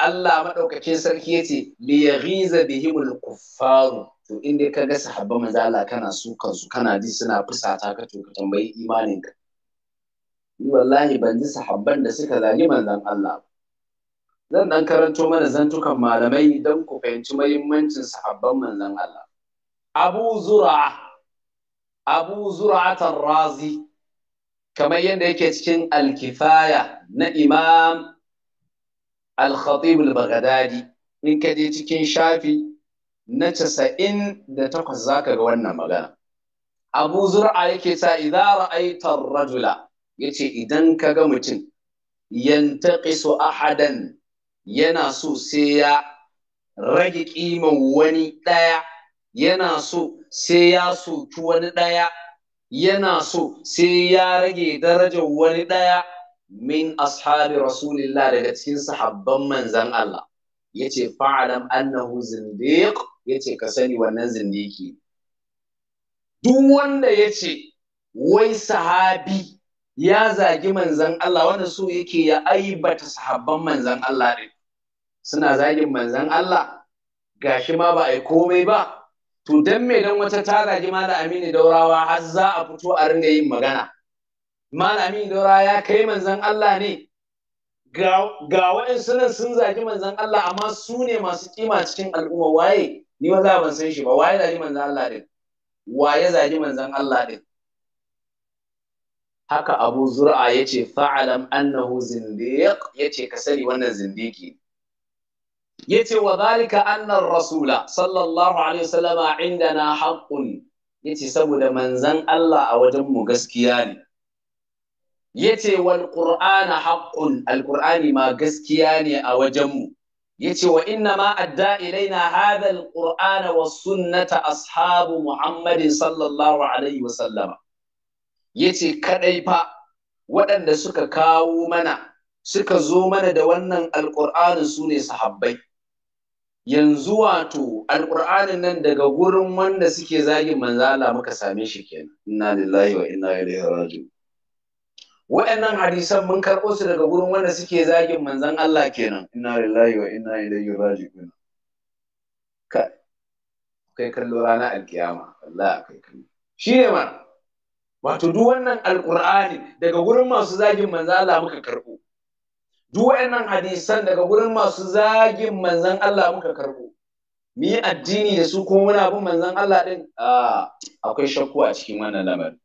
Allah maɗaukakin sarki yace li yaghiza bihimul kuffaru to in dai ka ga sahabban manzo Allah kana sukan su kana ji suna fusata ka to ka tambayi imanin ka ni wallahi ban ji sahabban da suka zagi manzon Allah zan dan karanto mana zantukan malamai don ku fahimci muhimmancin sahabban manzon Allah Abu Zur'a Abu Zur'a Razi kamar yadda yake cikin Al-Kifaya na Imam Al-Khatib Al-Baghdadi in ka je cikin shafi na casa'in da takwas za ka ga wannan magana abu zur'a yake sa idan ra'aita rajula yace idan ka ga mutum yantaqisu ahadan yana so sai ya rage kiman wani ɗaya yana so sai ya soki wani ɗaya yana so sai ya rage darajar wani ɗaya min ashabi rasulillah daga cikin sahabban manzan Allah yace fa'alam annahu zindiq ya ce ka sani wannan zindiki duk wanda ya ce wai sahabi ya zagi manzan Allah wanda su yake ya aibata sahabban manzan Allah ne suna zagin manzan Allah gashi ma ba a yi komai ba to dan me dan wata ta zagi Malam amini daurawa har za a fito a ringa yin magana Malam amini daurawa ya kai manzan Allah ne ga waɗansu nan sun zagi manzan Allah amma su ne masu kima cikin al'umma waye ni ma za ban san shi ba waye zaji manzon Allah din waye zaji manzon Allah din haka Abu Zur'a yace fa'alam annahu zindiq yace ka sani wannan zindiki yace wa zalika anna rasula sallallahu alaihi wasallama indana haqqun yace saboda manzon Allah a wajen mu gaskiya ne yace wal qur'ana haqqun al qur'ani ma gaskiya ne a wajen mu yace wa inna ma adda ilaina hadha alqur'ana was sunnata ashabu muhammadin sallallahu alaihi wa sallama yace kaɗai fa waɗanda suka kawo mana suka zo mana da wannan alqur'anin su ne sahabbai yanzu wato alqur'anin nan daga gurin wanda suke zagin manzala muka same shi kenan inna lillahi wa inna ilaihi raji'un wa'annan hadisan mun karɓo su daga gurin wanda suke zagin manzan Allah kenan inna lillahi wa inna ilaihi raji'un ka kai kallo ranar alkiyama wallahi kai kallo shine ma wato duk wannan alqur'ani daga gurin masu zagin manzan Allah muka karɓo duk wa'annan hadisan daga gurin masu zagin manzan Allah muka karɓo mu yi addini da su kuma muna bin manzan Allah din akwai shakku a cikin wannan lamarin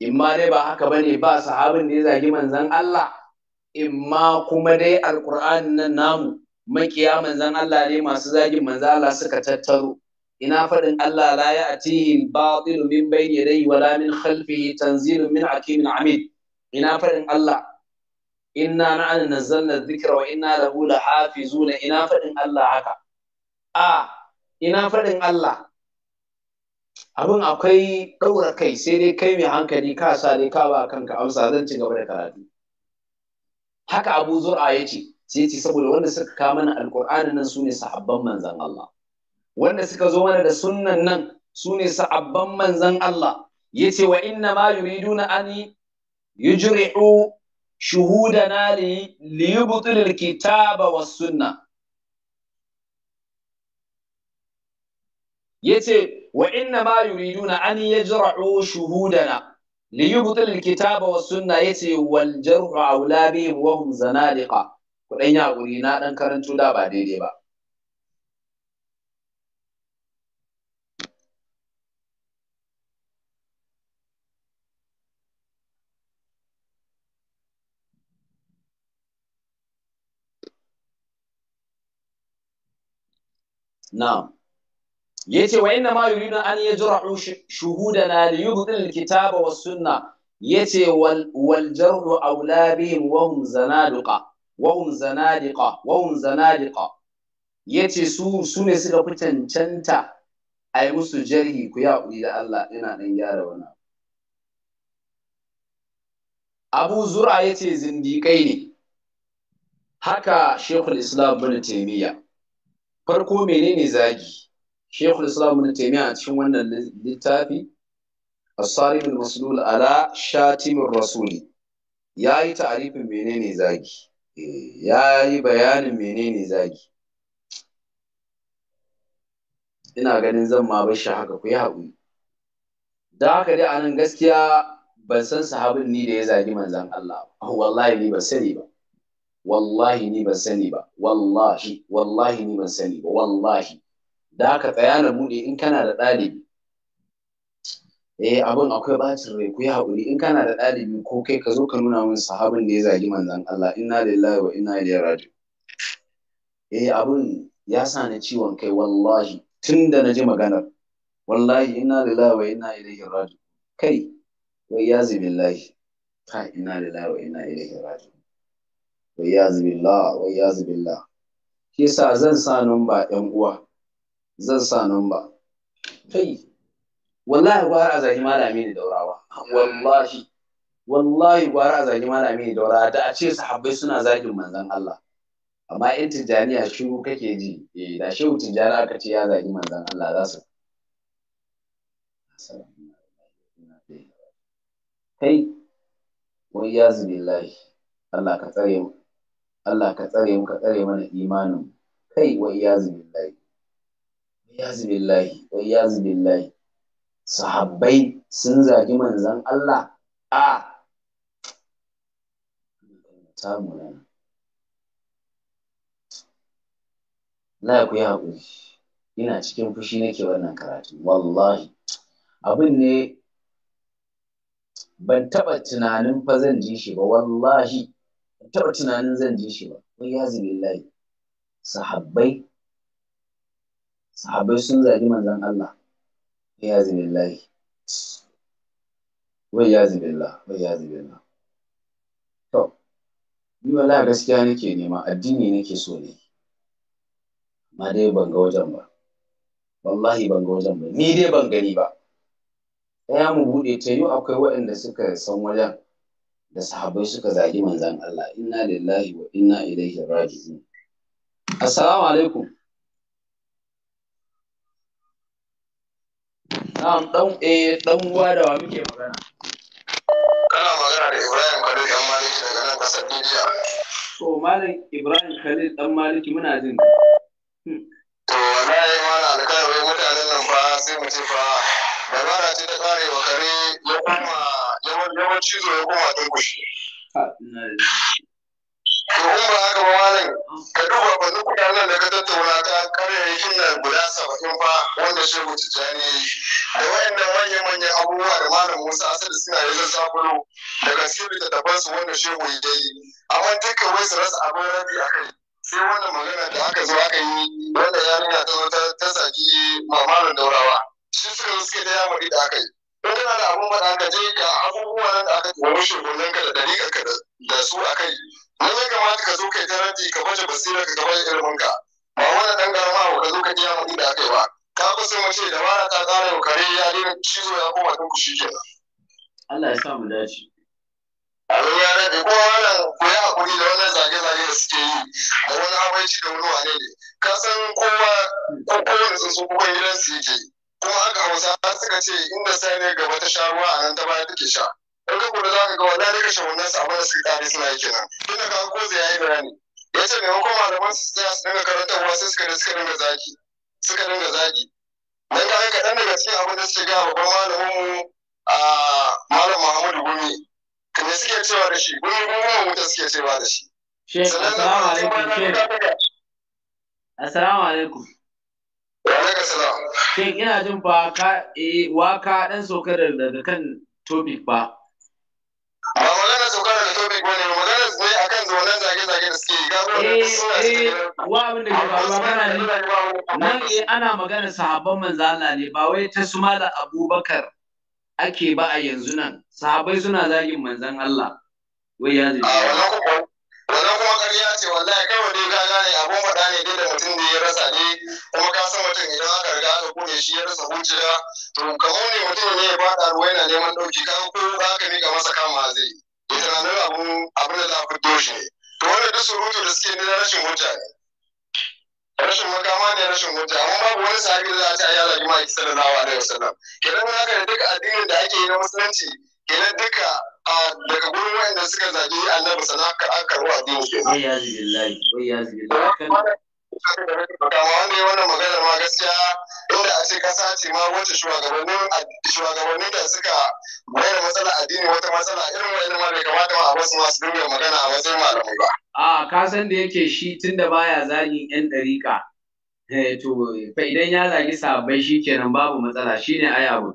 in ma dai ba haka bane ba sahabin da ya zagi manzan Allah in ma kuma dai alkur'ani na namu makiya manzan Allah ne masu zagin manzan Allah suka tattaro ina faɗin Allah la ya atihi al-batil min bayni yadayhi wala min khalfihi tanzilun min hakimin amid ina faɗin Allah inna na'ana nazzalna dhikra wa inna lahu lahafizuna ina faɗin Allah haka a ina faɗin Allah abin akwai ɗaura kai sai dai kai mai hankali ka sa dai ka ba kanka amsa zan ci gaba da karatu haka abu zur'a ya ce sai ce saboda wanda suka kawo mana alƙur'ani nan su ne sahabban manzan Allah wanda suka zo mana da sunnan nan su ne sahabban manzan Allah ya ce wa inna ma na an yujri'u shuhudana li yubtil kitaba was sunna yace wa inna ma yuriduna an yajra'u shuhudana liyubtil alkitaba was sunna yace wal jarhu aula bihim wa hum zanadiqa kudan ya na dan karanto da ba daidai ba Now, yace wa inna ma yurina an yajra'u shuhudana li yubdil kitaba was sunna yace wal wal jarhu aula wa hum zanadiqa wa hum zanadiqa wa hum zanadiqa yace su su ne suka fi cancanta a yi musu jarhi ku ya da Allah ina dan gyara wannan Abu Zura yace zindiƙai ne haka Sheikhul Islam bin Taymiyyah farko menene zagi Sheikh Islam bin Taymiyyah a cikin wannan littafi As-Sarib al-Maslul ala Shatim rasuli yayi ta'arifin menene zagi eh, yayi bayanin menene zagi ina ganin zan ma bar shi haka ku yi haƙuri da haka dai anan gaskiya ban san sahabin ni da ya zagi manzan Allah ba ah, wallahi ni ban sani ba wallahi ni ban sani ba wallahi wallahi ni ban sani ba wallahi da haka tsaya na buɗe in kana da ɗalibi eh abin akwai bacin rai ku yi haƙuri in kana da ɗalibi ko kai ka zo ka nuna min sahabin da ya zagi manzan Allah inna lillahi wa inna ilaihi raji eh abin ya sa ni ciwon kai wallahi tun da na ji maganar wallahi inna lillahi wa inna ilaihi raji kai wai ya billahi ta inna lillahi wa inna ilaihi raji wai ya billah wai ya billah shi yasa zan sa numba ɗan uwa zan sa ba. kai wallahi gwara a zaki malami ne daurawa wallahi wallahi gwara a zaki malami ne daurawa da a ce sahabbai suna zagin manzan Allah amma in tijjaniya shiru kake ji eh da shehu tijjani aka ce ya zagi manzan Allah za su kai wai ya zubillahi Allah ka tsare mu Allah ka tsare mu ka tsare mana imanin kai wai ya zubillahi billahi wa sahabbai sun zagi manzan Allah a ta munana na ku yi haƙuri ina cikin fushi nake wannan karatu wallahi abin ne ban taɓa tunanin fa zan ji shi ba wallahi ban taɓa tunanin zan ji shi ba wai ya billahi sahabbai sahabai sun zagi manzan Allah ya zibillahi wai ya zibillah wai ya zibillah to ni wallahi gaskiya nake nema addini nake so ne amma dai ban ga wajen ba wallahi ban ga wajen ba ni dai ban gani ba ɗaya mu buɗe ta yi akwai waɗanda suka san wajen da sahabai suka zagi manzan Allah inna lillahi wa inna ilaihi raji'un assalamu alaikum Na'am dan eh dan uwa da wa muke magana. Kana magana da Ibrahim Khalil dan Maliki daga nan kasar Nijiya. To Malam Ibrahim Khalil dan Maliki muna jin. Hmm. To wallahi malam alkalai mutanen nan fa sai mu ce fa dabara ce ta kare wa kare ya koma yawan cizo ya koma dunkushi. to in ba haka ba malam ka duba fannin kudaden da ka tattauna ta karyayyakin nan guda saba'in fa wanda shehu tijjani ya yi da wayannan manya-manyan abubuwa da malam musa asali suna yi zan sabulo daga da littattafan su wanda shehu ya yi amma dukkan wai su rasa abin rabi a kai sai wannan magana da aka zo aka yi wanda yarinya ta zo ta saki mamalan daurawa shi suka zo suke ta yamari da aka yi in kana da abun faɗa ka je ga abubuwan da aka wani shugabannin ka da dariƙa ka da su a kai mun ya kamata ka zo kai tarafi ka baje basira ka baje ilimin ka ba wani ɗan garma ka zo ka iya mu da aka yi ba ka mu ce da ba ta tsara yau kare ya daina cizo ya koma tun ku shi kenan. Allah ya sa mu dace. abin ya rage ko wannan ku yi hakuri da wannan zage-zage da suke yi da wani abinci da wani wane ne ka san kowa ko kowane sun so kuma gidan su yake kuma haka hausa suka ce inda sai ne gaba ta sha ruwa a nan ta baya take sha in ka kula za ka ga wannan da kashe wannan sabon da suka kare suna yake nan. tun da ka ko zai yi bayani ya ce da ban su tsaya su dinga karantarwa sai suka suka dinga zaki suka dinga zaki dan ka kaɗan daga cikin abin da suke ga babban malamin mu a malam Muhammadu Gumi kuma suke cewa da shi gumi gumi wuta suke cewa da shi. Sheikh, assalamu alaikum. Assalamu alaikum. Shin ina jin ba ka eh, wa ka dan saukar daga kan topic ba. Ba magana saukar da topic ba ne, magana ne akan zaunan zage-zage da suke ga eh, eh, wa abin da ke faruwa kana ne. Nan eh ana magana sahabban manzo ne, ba wai ta su malam Abubakar ake ba a yanzu nan. Sahabai suna zagin Manzan Allah. Wai ya zai. wannan kuma ƙarya ce wallahi kawai dai gaga ne abun faɗa ne dai da mutum da ya rasa ne kuma ka san mutum idan aka riga aka kone shi ya rasa hujjira to kamar ne mutum ne ya faɗa ruwa yana neman ɗauki ka ko za ka miƙa masa kama zai ya tunanin abun abin da za a fito shi ne to wannan duk surutu da suke na rashin hujja ne rashin makama ne rashin hujja amma babu wani sahabi da za a ce ya da ma'aikata sallallahu alaihi wasallam kenan haka da duka addinin da ake yi na musulunci kenan duka Ah, daga gurin wayanda suka zagi annabi sana an karɓi addini ke nan. Ya zibillahi, ya Kama Wanda wannan magana ma gaskiya inda a ce kasa ce ma wacce shugabannin da suka bayar matsala addini wata matsala irin wa'in ma bai kamata ma a wasu masu dinga magana a matsayin malamai ba. A kasan da yake shi tunda baya zagin 'yan ɗarika. Eh, to, fa idan ya zagi sabai shi kenan babu matsala shine ne abu.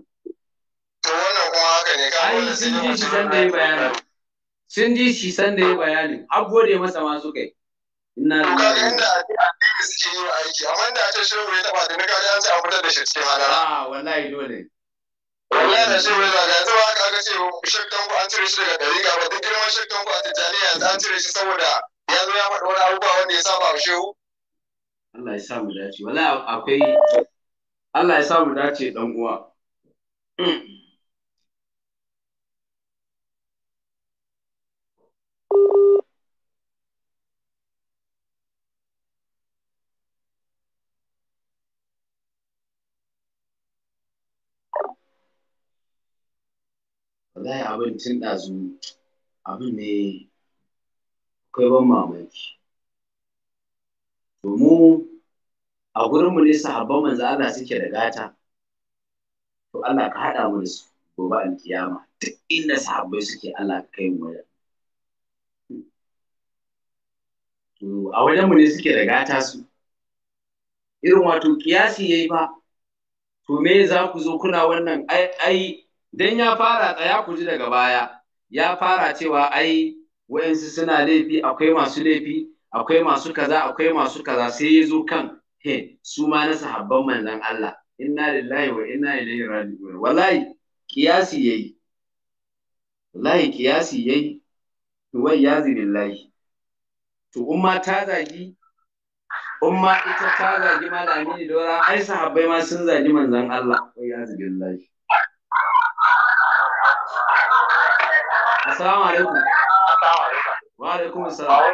to wannan kuma haka ne ka dole sai sun ji shi san da ya bayani sun ji shi san da ya bayani abgode masa ma su kai ina da ka ga inda addini suke yi aiki amma inda a ce shi ya taba da kaga an sai a fitar da shi cikin hadara a ah, wallahi dole wallahi da shi ya ga yanzu ba ka ga ce shakkan ku an cire shi daga dariƙa ba duk girman shakkan ku a tijjaniya yanzu an cire shi saboda ya zo ya faɗi wani abubuwa wanda ya saba wa shehu Allah ya sa mu dace wallahi akwai Allah ya sa dace dan uwa <clears throat> wallahi abin tun ɗazu abin ne akwai ban mamaki to mu a gurinmu ne sahabban manzo Allah suke da gata to Allah ka haɗa mu da su gobe alkiyama duk inda sahabbai suke Allah ka kai mu da to a wajenmu ne suke da gata su irin wato kiyasi yayi ba to me za ku zo kuna wannan ai ai dan ya fara tsaya ku ji daga baya ya fara cewa ai wayansu suna laifi akwai masu laifi akwai masu kaza akwai masu kaza sai ya zo kan he su ma na sahabban manzan Allah inna lillahi wa inna ilaihi raji'un wallahi kiyasi yayi wallahi kiyasi yayi wai yazi lillahi to umma ta zagi umma ita ta zagi malami ne dora ai sahabbai ma sun zagi manzan Allah wai yazi lillahi. Assalamu alaikum. Assalamu alaikum. Wa alaikum assalam.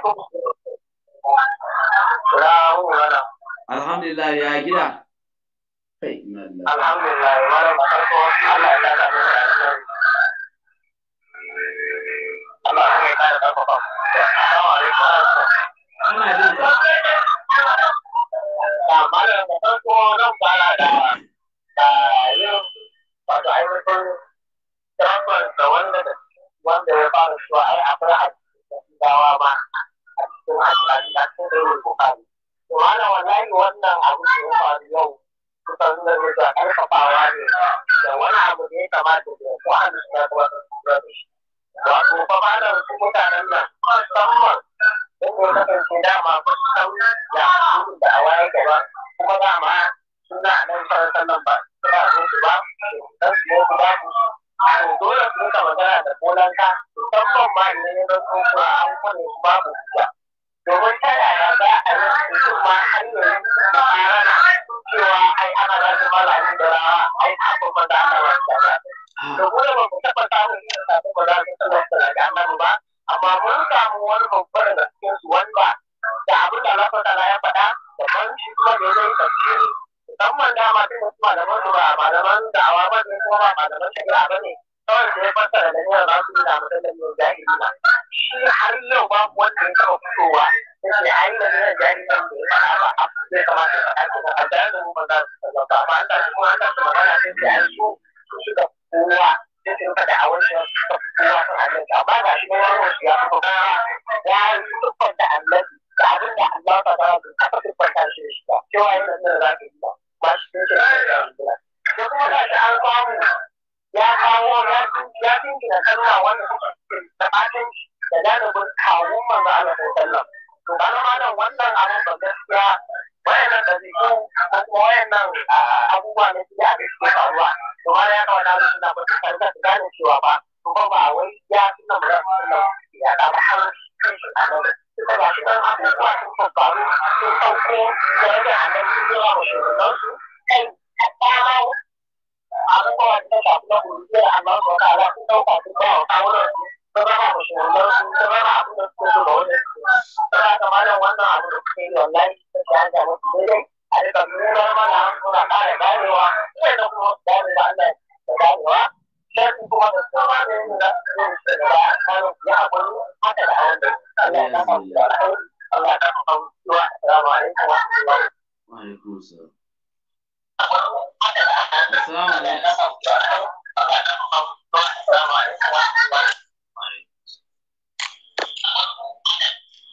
Bravo, bravo. ya gida. Alhamdulillah, malam farko Allah Allah ya wanda ya fara cewa ai akwai a cikin dawa ma a cikin alƙali a cikin da yin bukari to ana wallahi wannan abu da ya faru yau kusan da zai ga ƙarfafawa ne da wani abu da ya kamata da ku an da shi. wato fa ba da su mutanen nan musamman don ya da dama ba su san da da a ka ba, kuma ba ma suna nan farkon nan ba su ba su ba su ba su dole su rinka magana da bolanka musamman ma idan ya zan kuma an kone babu kuwa domin ta yaya za a yi mutum ma har yanzu da rana cewa ai ana za su malamin da rawa ai abin ba za a wata ba da kuma ba mu taɓa samun yin sabon ba za su sanar da raga ba amma mun samu wani babbar da cikin su wanda da abin da Allah ya faɗa da ban shi kuma da ya zai tafsiri musamman da ma duk wasu malaman su ba malaman da'awa ba ne kuma ba malaman shari'a ba ne kawai da ya fassara da yawa ba su da mutum da yau jahili na shi har yau ba wanda ya taɓa fitowa ya ce ai da yau jahili ba ne ba ba a zai kamata ka ake da kaddara da mu ba za su ba ba an tashi kuma an tashi magana sai ce ai su su shiga kowa sai su faɗa a wani su kowa sun annabi Ba ga shi ne wani wasu ya fi ba, ya yi tuffar da annabi da abin da Allah ta ba da aka tuffar ta shi da cewa yana da za ka yi ba. masu da kuma ga an samu ya kawo ya dingina kalma wanda suka da batanci da dalibin kawun manzo Allah sallallahu to kana malam wannan abin ba gaskiya wayannan dabi'u ko kuma wayannan abubuwa ne da aka ce faruwa to ma ya kawo suna ba ta da gane cewa ba to ba wai ya suna ba ya da har kan shi a nan tức là chúng tôi có thông qua khu vực bọn khu cầu khuyên để là mình đưa một sự đối tình thật cao đâu ở cái cô chúng tôi chọn nó cũng như là nó của cả là chúng tôi phải chúng tôi ở sau rồi tôi có một sự đối tôi có bảo tôi tôi tôi đối được tôi đã có nói là quán nào cũng thì rồi lên tôi sẽ ăn một thứ đi ở đây còn những nơi mà làm cũng là ta để bán được cái nó cũng bán được bán được bán được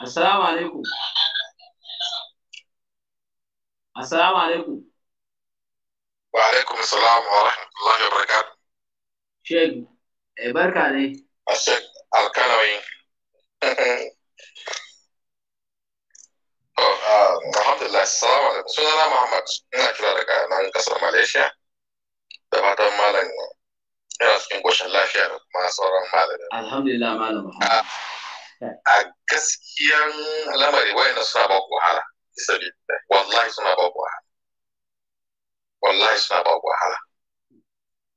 Assalamu alaikum. Assalamu alaikum. Wa alaikum salam wa rahmatullahi wa barakatuh. Shek, eh, barka ne. Shek, <laughs> alkalawai. <laughs> Ah, alhamdulillah, salamu alaikum. Sunana Muhammad, ina kira daga nan kasar Malaysia. Da fatan malam yana cikin koshin lafiya da kuma sauran malamin. Alhamdulillah, malam Muhammad. Ah, a gaskiyan lamari wayanda suna ba ku wahala. Wallahi suna ba ku wahala. Wallahi suna ba ku wahala.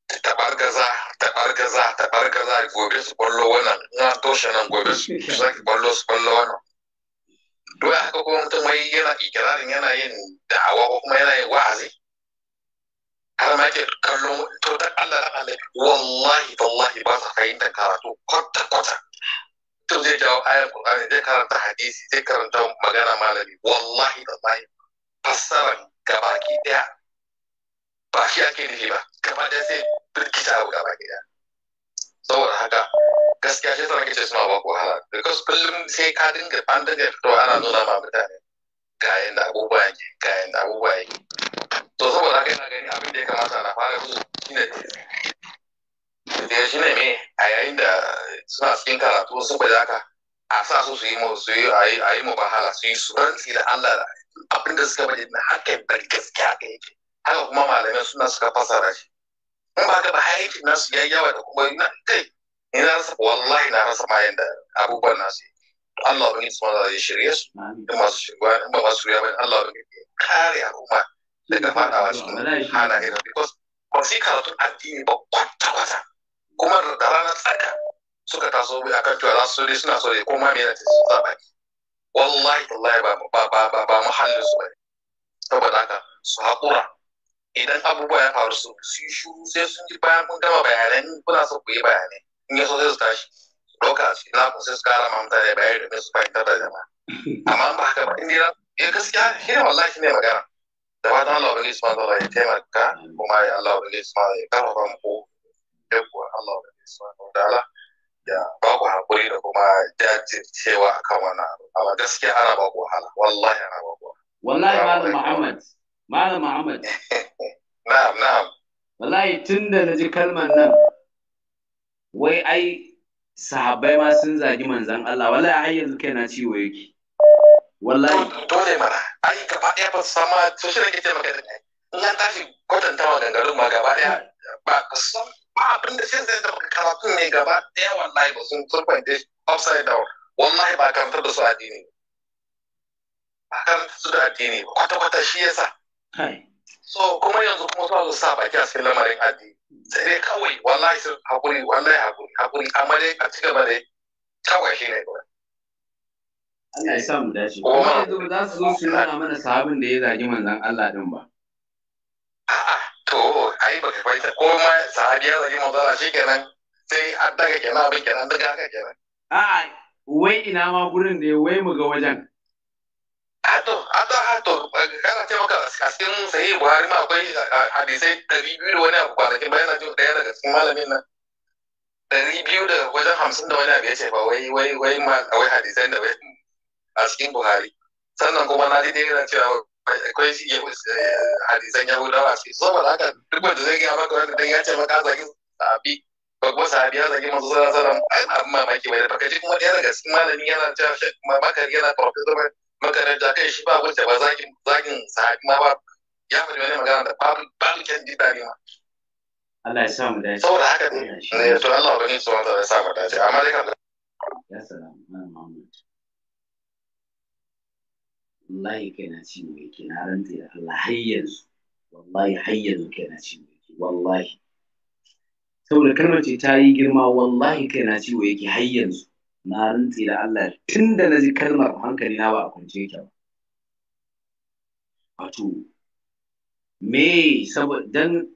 tabargaza tabargaza tabargaza gobe su kwallo wannan na toshe nan gobe su zaki <laughs> kwallo su kwallo wannan to ya haka kuma mutum mai yana ikirarin yana yin da'awa ko kuma yana yin wa'azi har ma yake kallon to dan Allah da Allah wallahi wallahi ba sa fahimtar karatu kwata kwata to zai jawo ayar Qur'ani zai karanta hadisi zai karanta magana malami wallahi wallahi fassara gabaki daya ba shi ake nufi ba gaba da zai birgita abu gaba gida saboda haka gaskiya shi sana kace suna baku wahala because kullum sai ka dinga an dinga to ana nuna ma mutane ga yanda abubuwa yake ga yanda abubuwa yake to saboda haka yana gani abin da ya kamata na fara su shine da shi ne me a yayin da suna cikin karatu saboda haka a sa su su yi mu su yi a yi mu bahala su yi su rantsi da Allah da abin da suka bari na haka bar gaskiya ga yake haka kuma malamai suna suka fasa rashi in ba ka ba haiti nasu ya yawa da kuma na kai ni na rasa wallahi na rasa mayan da abubuwan nasu Allah bin su mana zai shirye su da masu shirwa in ba su shirya ba Allah bin kare al'umma daga fadawa cikin hana irin because ba su yi karatun addini ba kwata kwata kuma da ranar tsaka suka taso bai akan cewa za su suna so ya koma mai yanzu su zaɓa wallahi wallahi ba ba ba ba muhallin su ba saboda haka su haƙura idan abubuwa ya faru su yi shuru sai sun ji bayan kun gama bayanan kuna so ku yi bayanai in ya so sai su tashi ɗauka su ina kun sai su kara ma mutane bayani domin su fahimtar da jama'a <laughs> amma ba haka ba in dira ya eh gaskiya shi ne wallahi ne magana da fatan Allah ubangiji subhanahu wa ta'ala ya taimaka kuma ya Allah ubangiji subhanahu ya karfafa muku ya kuwa Allah ubangiji subhanahu wa ta'ala ya ba ku hakuri da kuma jajircewa kan wannan abu amma gaskiya ana ba ku wahala wallahi ana ba ku wallahi malam Muhammad Malam Muhammad. <laughs> Na'am, na'am. Wallahi tun da na ji kalmar nan, wai ai sahabbai ma sun zagi manzan Allah, wallahi har yanzu kai na ciwo yake. Wallahi. Dole mana, ai gaba ɗaya ba su sama to shi rage taimaka da kai. In an tashi kwatanta maganganun ma gaba ɗaya ba su ba abin da shi zai taɓa karatun ne gaba ɗaya wallahi ba sun turkwanta upside down. Wallahi ba karantar da su addini. Ba karantar da su addini ba kwata-kwata shi yasa. so kuma yanzu kuma suna zo sa baki a cikin lamarin addini sai dai kawai wallahi sun hakuri wallahi hakuri hakuri amma dai a cikin gaba da kawai shi ne kawai Allah ya sa mu Kuma yanzu ba za su zo su nuna mana sahabin da ya zagi manzon Allah din ba. Aa To, ai baka fahimta ko ma sahabi ya zagi manzon Allah shi kenan sai an daga kenan abin kenan daga haka kenan. A'a, wai ina ma gurin da ya wai mu ga wajen. Ato, ato, ato, kana ce maka a cikin sahih Buhari ma akwai hadisai ɗari biyu da wani abu kwanakin bayan na ji ɗaya daga cikin malamin nan. Ɗari biyu da wajen hamsin da wani abu ya ce ba wai wai wai ma wai hadisai da a cikin Buhari. Sannan kuma na ji dai cewa akwai shi ya eh, hadisan Yahudawa a cikin. Saboda haka duk wanda zai gaya maka wanda dan ya ce maka zagi sahabi ko kuma sahabi ya zagi masu sallallahu alaihi wasallam ai abin mamaki bai da fakaci kuma ɗaya daga cikin malami yana cewa Bakari yana professor makaranta kai shi ba wacce ba zakin zakin sahabi ma ba ya faɗi wani magana da babu babu kyan jita ne ma Allah ya sa mu dace saboda haka ne eh, to Allah ya su wanda ya sa mu dace amma dai kan ya salamu wallahi kai na ci mai ke na rantse da Allah har yanzu wallahi har yanzu kai na ci mai ke wallahi saboda kalmar ce ta yi girma wallahi kai na ciwo yake har yanzu na rantsi da Allah tun da na ji kalmar hankali na ba a kwance ta ba wato me saboda dan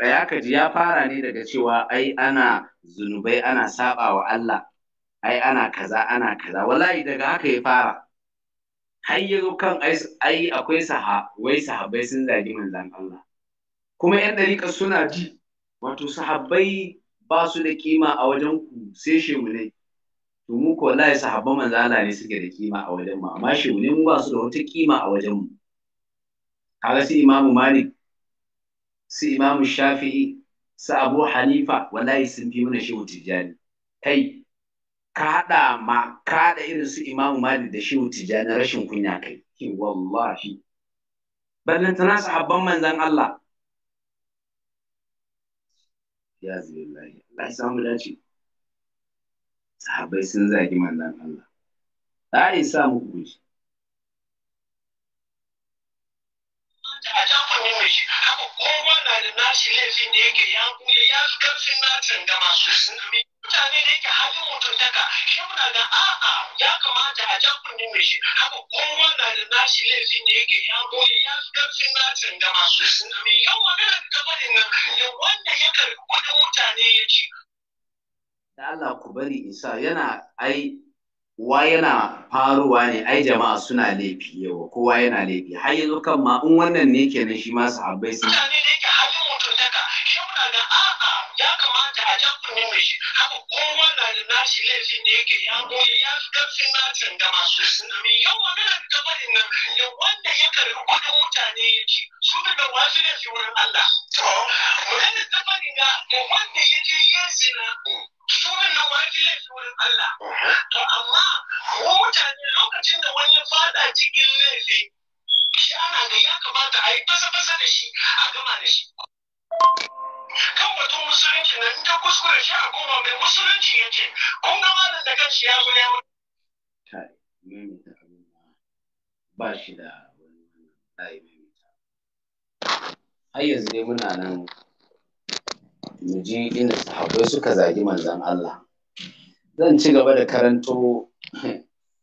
tsayakaji ya fara ne daga cewa ai ana zunubai ana saba wa Allah ai ana kaza ana kaza wallahi daga haka ya fara har yazo kan ai akwai saha wai sahabbai sun zagi manzon Allah kuma yan ɗariƙar suna ji wato sahabbai ba su da kima a wajen ku sai ne. to mu ko wallahi sahabban manzo Allah ne suke da kima a wajen mu amma shi ne mu ba su da wata kima a wajen mu kaga su Imam Malik su Imam Shafi'i su Abu Hanifa wallahi sun fi mana shehu Tijjani kai hada ma kada irin su Imam Malik da shehu Tijjani rashin kunya kai ki wallahi tana sahabban manzon Allah ya zai Allah ya samu dace sahabai sun zagi manzan Allah za a yi sa muku guji nashi laifin da yake ya buye ya fi karfin natin da masu sunami mutane da yake halin mutuntaka shi muna da a'a ya kamata a ja kunni mai shi haka kowa na da nashi laifin da yake ya buye ya fi karfin natin da masu sunami yau magana da barin nan da wanda ya karbi kudin mutane ya ci da Allah ku bari isa yana ai wa yana faruwa ne ai jama'a suna laifi yawa kowa yana laifi har yanzu kan ma in wannan ne kenan shi ma sahabbai sun ya kamata a jan kunnin mai shi haka kowa na da nashi laifin da yake ya goye ya fi karfin nacin da masu mai yau maganar da faɗin nan da wanda ya karbi kudin mutane ya ci su ne da wasu laifi wurin Allah. Maganar da faɗin da wanda ya je yin zina su ne da wasu laifi wurin Allah. To amma mu mutane lokacin da wani ya faɗa cikin laifi shi ana da ya kamata a yi fasa-fasa da shi a gama da shi. kan batun musulunci na ta kuskure shi a goma mai musulunci ya ce kun ga malam da kanshi ya zo ya maimaita abin ba shi da wani wannan maimaita har yanzu dai muna nan mu ji inda sahabbai suka zagi manzon Allah zan ci gaba da karanto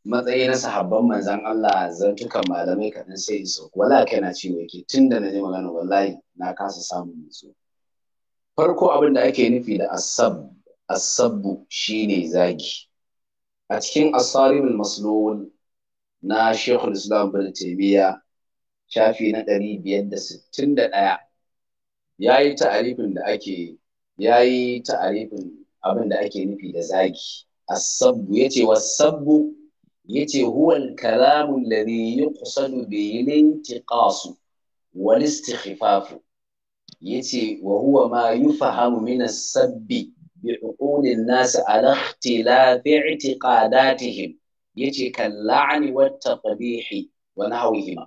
matsayi na sahabban manzan Allah zantukan malamai kaɗan sai in wala kai na ce wake tun da na ji magana wallahi na kasa samun nutsuwa farko abin da ake nufi da asab asabu shine zagi a cikin asarimul maslul na shekul islam bin taimiyya shafi na ɗari biyar da sittin da ɗaya ya yi ta'arifin da ake ya yi ta'arifin abin da ake nufi da zagi asabu ya ce wasabu ya ce huwal kalamun lari yi kusadu bai yi lintiƙasu wani istikhifafu yace wa huwa ma yufahamu min as-sabbi bi uqulin nas ala ikhtilafi i'tiqadatihim yace kal la'ni wat taqbih wa nahwihima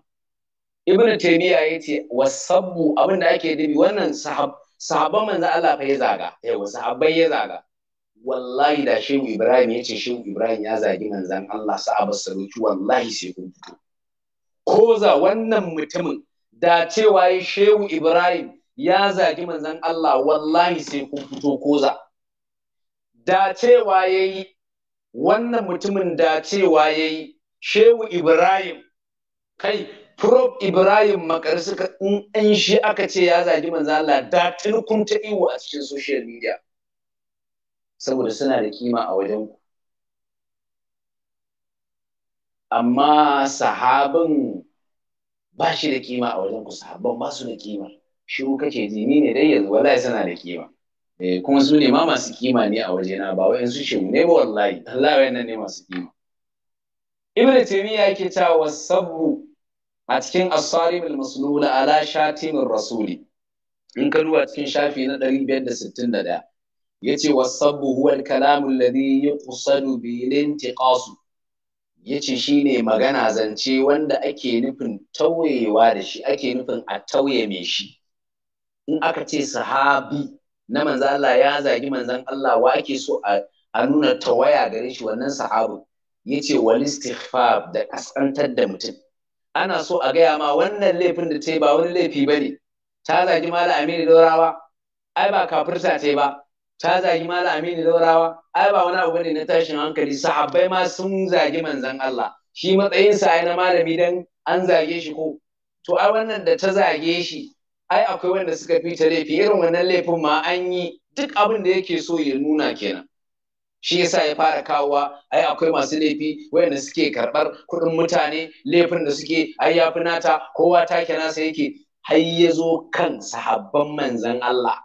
ibn taymiya yace wasabbu abin da ake dubi wannan sahab sahabban manzo Allah fa ya zaga yawa sahabbai ya zaga wallahi da shehu ibrahim ya ce shehu ibrahim ya zagi manzan Allah sa'aba saruki wallahi sai kun fito ko za wannan mutumin da cewa ya shehu ibrahim ya zagi manzon Allah wallahi sai kun fito koza da cewa yayi wannan mutumin da cewa yayi Shehu Ibrahim kai Prof Ibrahim makar suka in an shi aka ce ya zagi manzon Allah da tun ta iwo a cikin social media saboda suna da kima a wajen ku amma sahabin ba shi da kima a wajen ku sahabban ba su da kima shiru kake ji ne dai yanzu wallahi suna da kima eh kuma su ne ma masu kima ne a wajena ba wai su shi ne ba wallahi Allah nan ne masu kima Ibn Taymiyyah yake ta wasabu a cikin as-sarim al-maslul ala shatim ar-rasuli in ka duba cikin shafi na 561 yace wasabu huwa al kalam alladhi yuqsadu bi al-intiqas yace shine magana zance wanda ake nufin tauyewa da shi ake nufin a tauye me shi in aka ce sahabi na manzan Allah ya zagi manzan Allah wa ake so a nuna tawaya gare shi wannan sahabin yace Wani istighfar da kasantar da mutum ana so a gaya ma wannan laifin da ta yi ba wani laifi ba ne. ta zagi Malam Aminu daurawa ai ba kafirta ta yi ba ta zagi Malam Aminu daurawa ai ba wani abu bane na tashin hankali sahabbai ma sun zagi manzan Allah shi matsayin ai na malami dan an zage shi ko to ai wannan da ta zage shi ai akwai wanda suka fi ta laifi irin wannan laifin ma an yi duk abin da yake so ya nuna kenan shi yasa ya fara kawowa ai akwai masu laifi wayanda suke karɓar kuɗin mutane laifin da suke ai ya fi nata kowa ta ke nasa yake har ya zo kan sahabban manzan Allah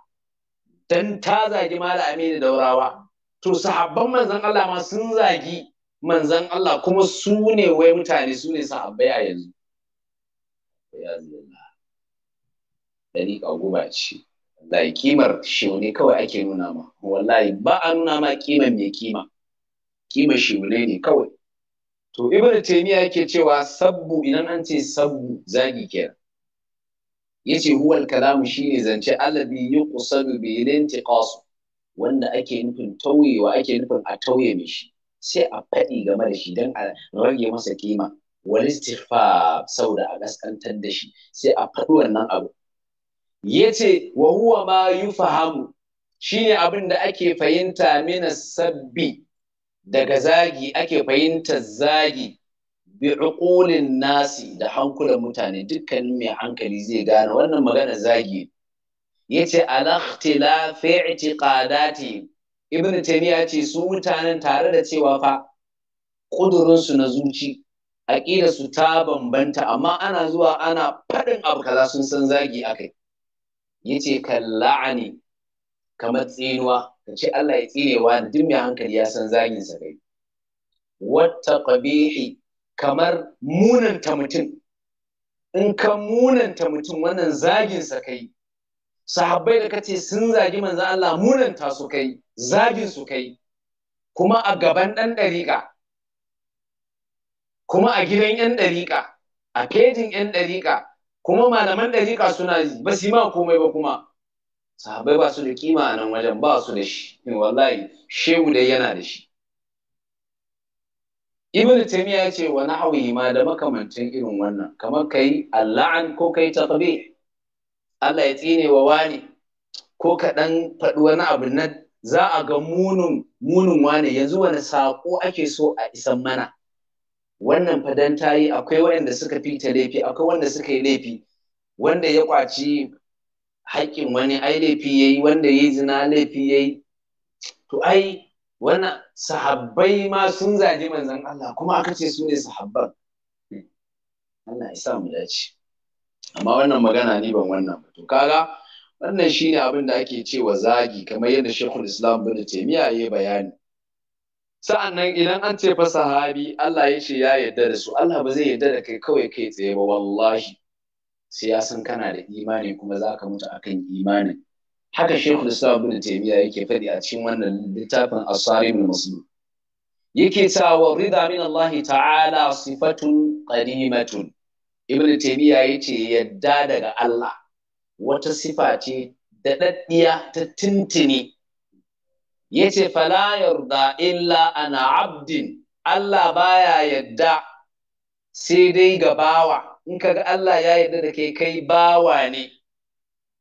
dan ta zagi mala aminu daurawa to sahabban manzan Allah ma sun zagi manzan Allah kuma su ne wai mutane su ne sahabbai a yanzu dariƙa guba ce wallahi kimar ne kawai ake nuna ma wallahi ba a nuna ma kimar mai kima kima shimune ne kawai to ibn taymiya yake cewa sabbu idan an ce sabbu zagi kenan yace huwal kalamu shine zance alladhi yuqsadu bi lintiqas wanda ake nufin tauyewa ake nufin a tauye mishi sai a faɗi game da shi don a rage masa kima wal istighfar saboda a gaskantar da shi sai a faɗi wannan abu yace wa huwa ma yufahamu shine abin da ake fahimta mina sabbi daga zagi ake fahimta zagi bi uqulin nasi da hankulan mutane dukkanin mai hankali zai gane wannan magana zagi yace ala ikhtilafi i'tiqadati ibn taymiya ce su mutanen tare da cewa fa kudurinsu na zuci aƙida su ta bambanta amma ana zuwa ana faɗin abu kaza sun san zagi akai yace kalla'ani kamar tsinuwa ka ce Allah ya tsinewa da duk mai hankali ya san zagin sa kai wata qabihi kamar munanta mutum in ka munanta mutum wannan zagin sa kai sahabbai da kace sun zagi manzo Allah munanta su kai zagin su kai kuma a gaban ɗan dariƙa, kuma a gidan 'yan dariƙa, a fejin 'yan ɗariƙa kuma malaman ɗariƙa suna yi ba su ma komai ba kuma sahabbai ba su da kima a nan wajen ba su da shi wallahi shehu dai yana da shi ibnu taymiya ya ce wa nahwihi ma da makamantan irin wannan kamar kai alla'an ko kai taqbi Allah ya tsine wa wani ko ka dan faɗi wani abu na za a ga munun munun wani yanzu wani sako ake so a isan mana wannan fadan ta yi akwai waɗanda suka fi ta laifi akwai wanda suka yi laifi wanda ya kwaci haƙƙin wani ai laifi ya yi wanda ya yi zina laifi ya yi to ai wannan sahabbai ma sun zage manzan Allah kuma aka ce su ne sahabban Allah ya sa mu dace amma wannan magana ne ban wannan ba to kaga wannan shine abin da ake cewa zagi kamar yadda Sheikhul Islam Ibn Taymiyyah ya bayani sa'annan idan an ce fa sahabi Allah ya ce ya yarda da su Allah ba zai yarda da kai kawai kai tsaye ba wallahi sai ya san kana da imani kuma za ka mutu akan imanin haka Sheikh Islam Ibn taimiya yake faɗi a cikin wannan littafin Asari ibn Muslim yake cewa rida min Allah ta'ala sifatun qadimatun Ibn ya yace yadda daga Allah wata sifa ce daɗaɗɗiya ta tintini Ya ce, fala yarda illa ana abdin Allah baya yadda sai dai ga bawa in kaga Allah ya yadda da kai kai bawa ne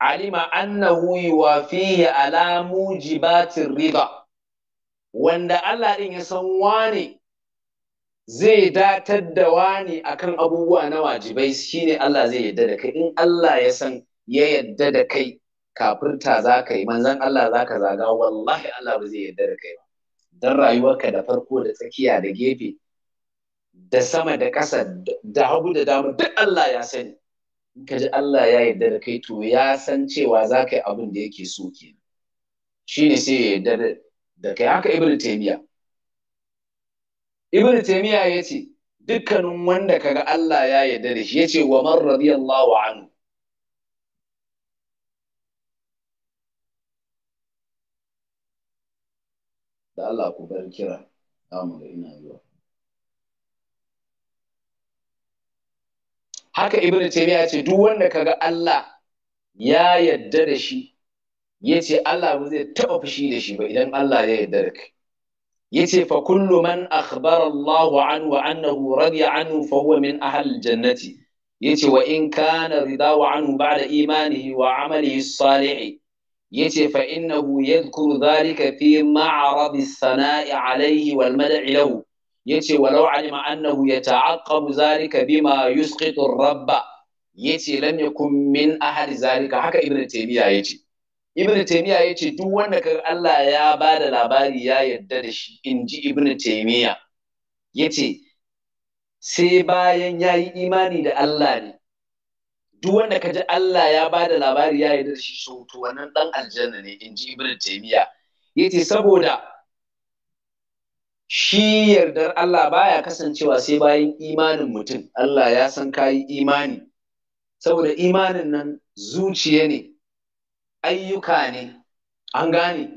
alima annahu yuwafihi ala mujibatir riba wanda Allah din ya san wane zai datar da wani akan abubuwa na wajibai shine Allah zai yadda da kai in Allah ya san ya yadda da kai kafirta za ka yi manzan Allah za ka zaga wallahi Allah ba zai yarda da kai ba don rayuwarka da farko da tsakiya da gefe da sama da ƙasa da hagu da damar duk Allah ya sani in ka ji Allah ya yarda da kai to ya san cewa za ka yi abin da yake so ke shi ne sai ya yarda da kai haka ibn taymiya ibn taymiya ya ce dukkanin wanda kaga Allah ya yarda da shi ya ce wa man radiyallahu anhu da Allah ku bar kira mu ga ina zuwa haka ibn taymiya ce duk wanda kaga Allah ya yadda da shi yace Allah ba zai taba fushi da shi ba idan Allah ya yadda da kai yace fa kullu man akhbara Allah an wa annahu radiya anhu fa huwa min ahli jannati yace wa in kana ridawa anhu ba'da imanihi wa amalihi salihi. yace fa innahu yadhkuru dhalika fi ma'arabi as-sana'i alayhi wal mad'i lahu yace walau alima annahu yata'aqqabu dhalika bima yusqitu ar-rabba yace lamya yakun min ahad zalika haka ibnu taymiya yace ibnu taymiya yace duk wanda kaga Allah ya ba da labari ya yadda da shi inji ibnu taymiya yace sai bayan yayi imani da Allah ne duk wanda ka ji Allah ya ba da labari ya yarda da shi so to wannan dan aljanna ne in ji Ibn Taymiya yace saboda shi yardar Allah baya kasancewa sai bayan imanin mutum Allah ya san kayi imani saboda imanin nan zuciya ne ayyuka ne an gane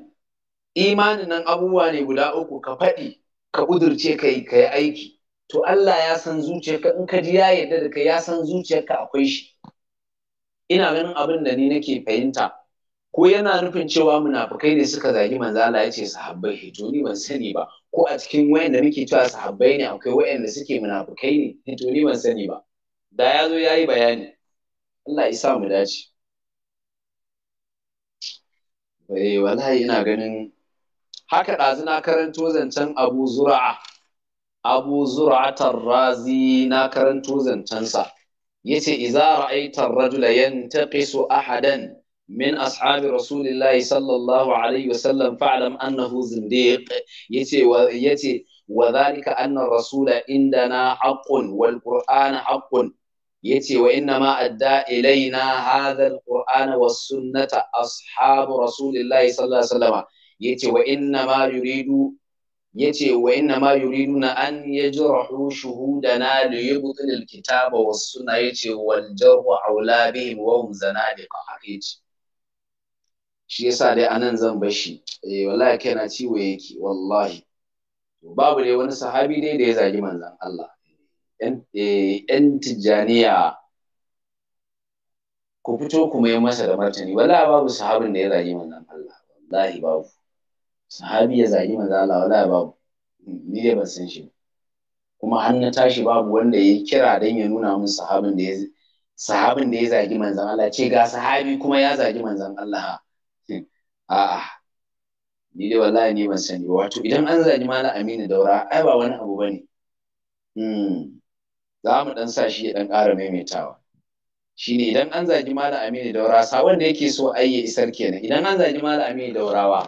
imanin nan abubuwa ne guda uku ka faɗi ka ƙudurce ka yi aiki to Allah ya san zuciyarka in ka ji ya yarda da ka ya san zuciyarka akwai shi ina ganin abin da ni nake fahimta ko yana nufin cewa munafukai ne suka zagi manzo Allah ya ce sahabbai hito eh, ni ban sani ba ko a cikin wayanda muke cewa sahabbai ne akwai wayanda suke munafukai ne hito eh, ni ban sani ba da ya zo ya yi bayani Allah ya sa mu dace eh wallahi ina ganin haka ɗazu na karanto zancen Abu zura Abu Zura'atar Razi na karanto sa. yace idza ra'aita ar-rajula yantaqisu ahadan min ashabi rasulillahi sallallahu alaihi wasallam fa'lam annahu zindiq yace yace wa dhalika anna ar-rasula indana haqqun wal qur'ana haqqun yace wa inna ma adda ilaina hadha alqur'ana was sunnata ashabu rasulillahi sallallahu alaihi wasallam yace wa inna ma yuridu Ya ce, wa inna ma nuna an ya ji da na yajrahu shuhudana li ba wasu suna ya ce wal jarhu aula bihim wa hum zanadiqa ce. shi yasa dai anan zan bashi eh wallahi na ciwo yake wallahi babu dai wani sahabi dai da ya zagi manzon Allah yan eh, tijjaniya ku fito ku mai masa da martani wallahi babu sahabin da ya zagi manzon Allah wallahi babu sahabi ya zagi manzo Allah wallahi babu ni dai ban san shi kuma har na tashi babu wanda ya kira dan ya nuna min sahabin da ya sahabin da ya zagi manzon Allah ce ga sahabi kuma ya zagi manzon Allah <laughs> a'a ni dai wallahi ni ban san sani wato idan an zagi malam Aminu Daura ai ba wani abu bane hmm za mu dan sa shi ya dan ƙara maimaitawa shine idan an zagi malam Aminu Daura sa wanda yake so ai ya isar kenan idan an zagi malam Aminu Daurawa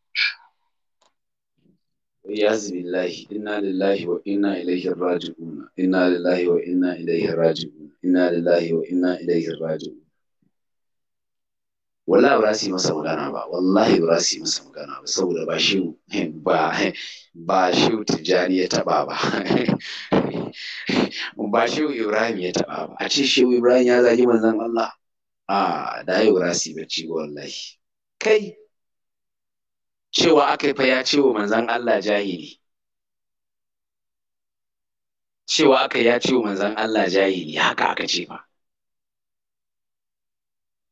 iyazu billahi inna lillahi wa inna ilaihi raji'un inna lillahi wa inna ilaihi raji'un inna lillahi wa inna ilaihi raji'un wallahi ba su yi masa magana ba wallahi ba su yi masa magana ba saboda ba shi ba ba shi tijani ya taba ba <laughs> ba shi ibrahim ya taba ba a ce shi ibrahim ya zagi manzon Allah a da yau rasi bacci wallahi kai cewa aka yi fa ya ce wa manzan Allah jahili cewa aka ya ce wa manzan Allah jahili haka aka ce fa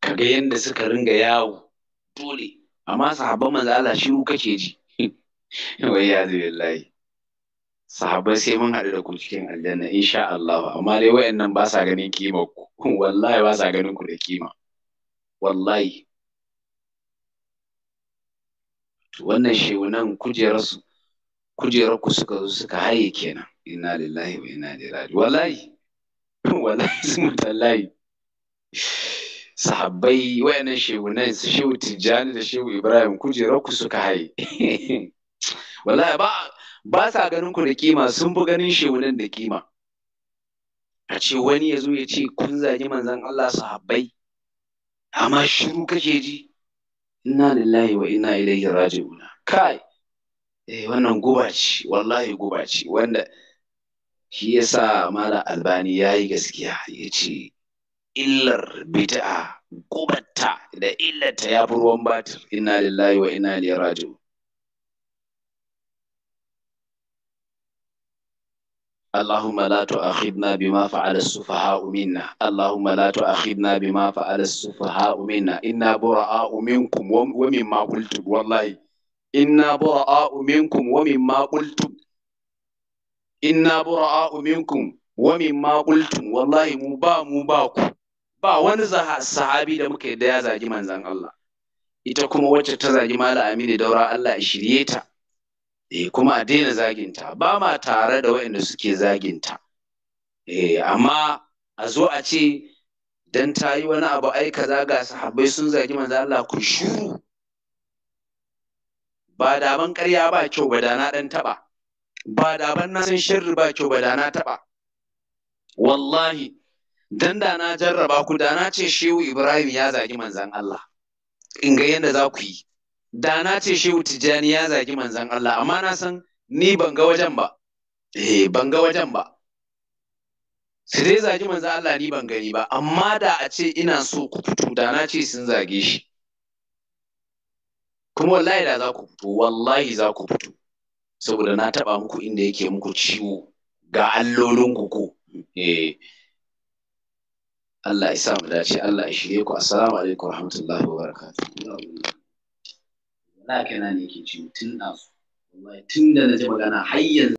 kaga yadda suka ringa yawo dole amma sahabban manzan Allah shiru kake ji <laughs> wai ya zai wallahi sahabbai sai mun haɗu da ku cikin aljanna insha Allah amma dai nan ba sa ganin kima ku <laughs> wallahi ba sa ganin ku da kima wallahi wannan shehunan kujerarsu kujerarku suka zo suka haye kenan inna lillahi wa inna ilaihi raji wallahi <laughs> wallahi sun tallahi sahabbai wayannan shehunan su shehu tijjani da shehu ibrahim kujerarku suka haye <laughs> wallahi ba ba sa ganin ku da kima sun fi ganin shehunan da kima a ce wani ya zo ya ce kun zagi manzan Allah sahabbai amma shiru kake ji inna lillahi wa inna ilaihi raji'una kai eh wannan guba ce wallahi guba ce wanda shi yasa mala albani yayi gaskiya yace illar bid'a gubatta da illarta ya fi ruwan batir inna lillahi wa inna ilaihi raji'un اللهم لا تؤاخذنا بما فعل السفهاء منا اللهم لا تؤاخذنا بما فعل السفهاء منا إنا براء منكم ومما قلتم والله إنا براء منكم ومما قلتم إنا براء منكم ومما قلتم والله مبا مباكم ba wani الصحابي da muka yadda ya zagi manzan Allah ita kuma wacce ta zagi mala amini daura Allah ya shirye ta eh kuma a daina zaginta ba ma tare da waɗanda suke zaginta eh amma a zo a ce don ta yi wani abu aika kaza ga sahabbai sun zagi manzo Allah ku shiru ba daban ƙarya ba kyau ba da na dan taba ba daban na san shirri ba kyau ba da na taba wallahi dan da na jarraba ku da na ce shehu Ibrahim ya zagi manzan Allah in ga yadda za ku yi da na ce shehu tijjani ya zagi manzan Allah amma na san ni ban ga wajen ba eh ban ga wajen ba su dai zagi manzan Allah ni ban gani ba amma da a ce ina so ku fito da na ce sun zage shi kuma wallahi da za ku fito wallahi za ku fito saboda na taba muku inda yake muku ciwo ga allolinku ko eh Allah ya sa mu dace Allah ya shirye ku assalamu alaikum warahmatullahi wabarakatuh wallahi kaina ne yake ciwo tun ɗansu, wallahi tun da na ji magana har yanzu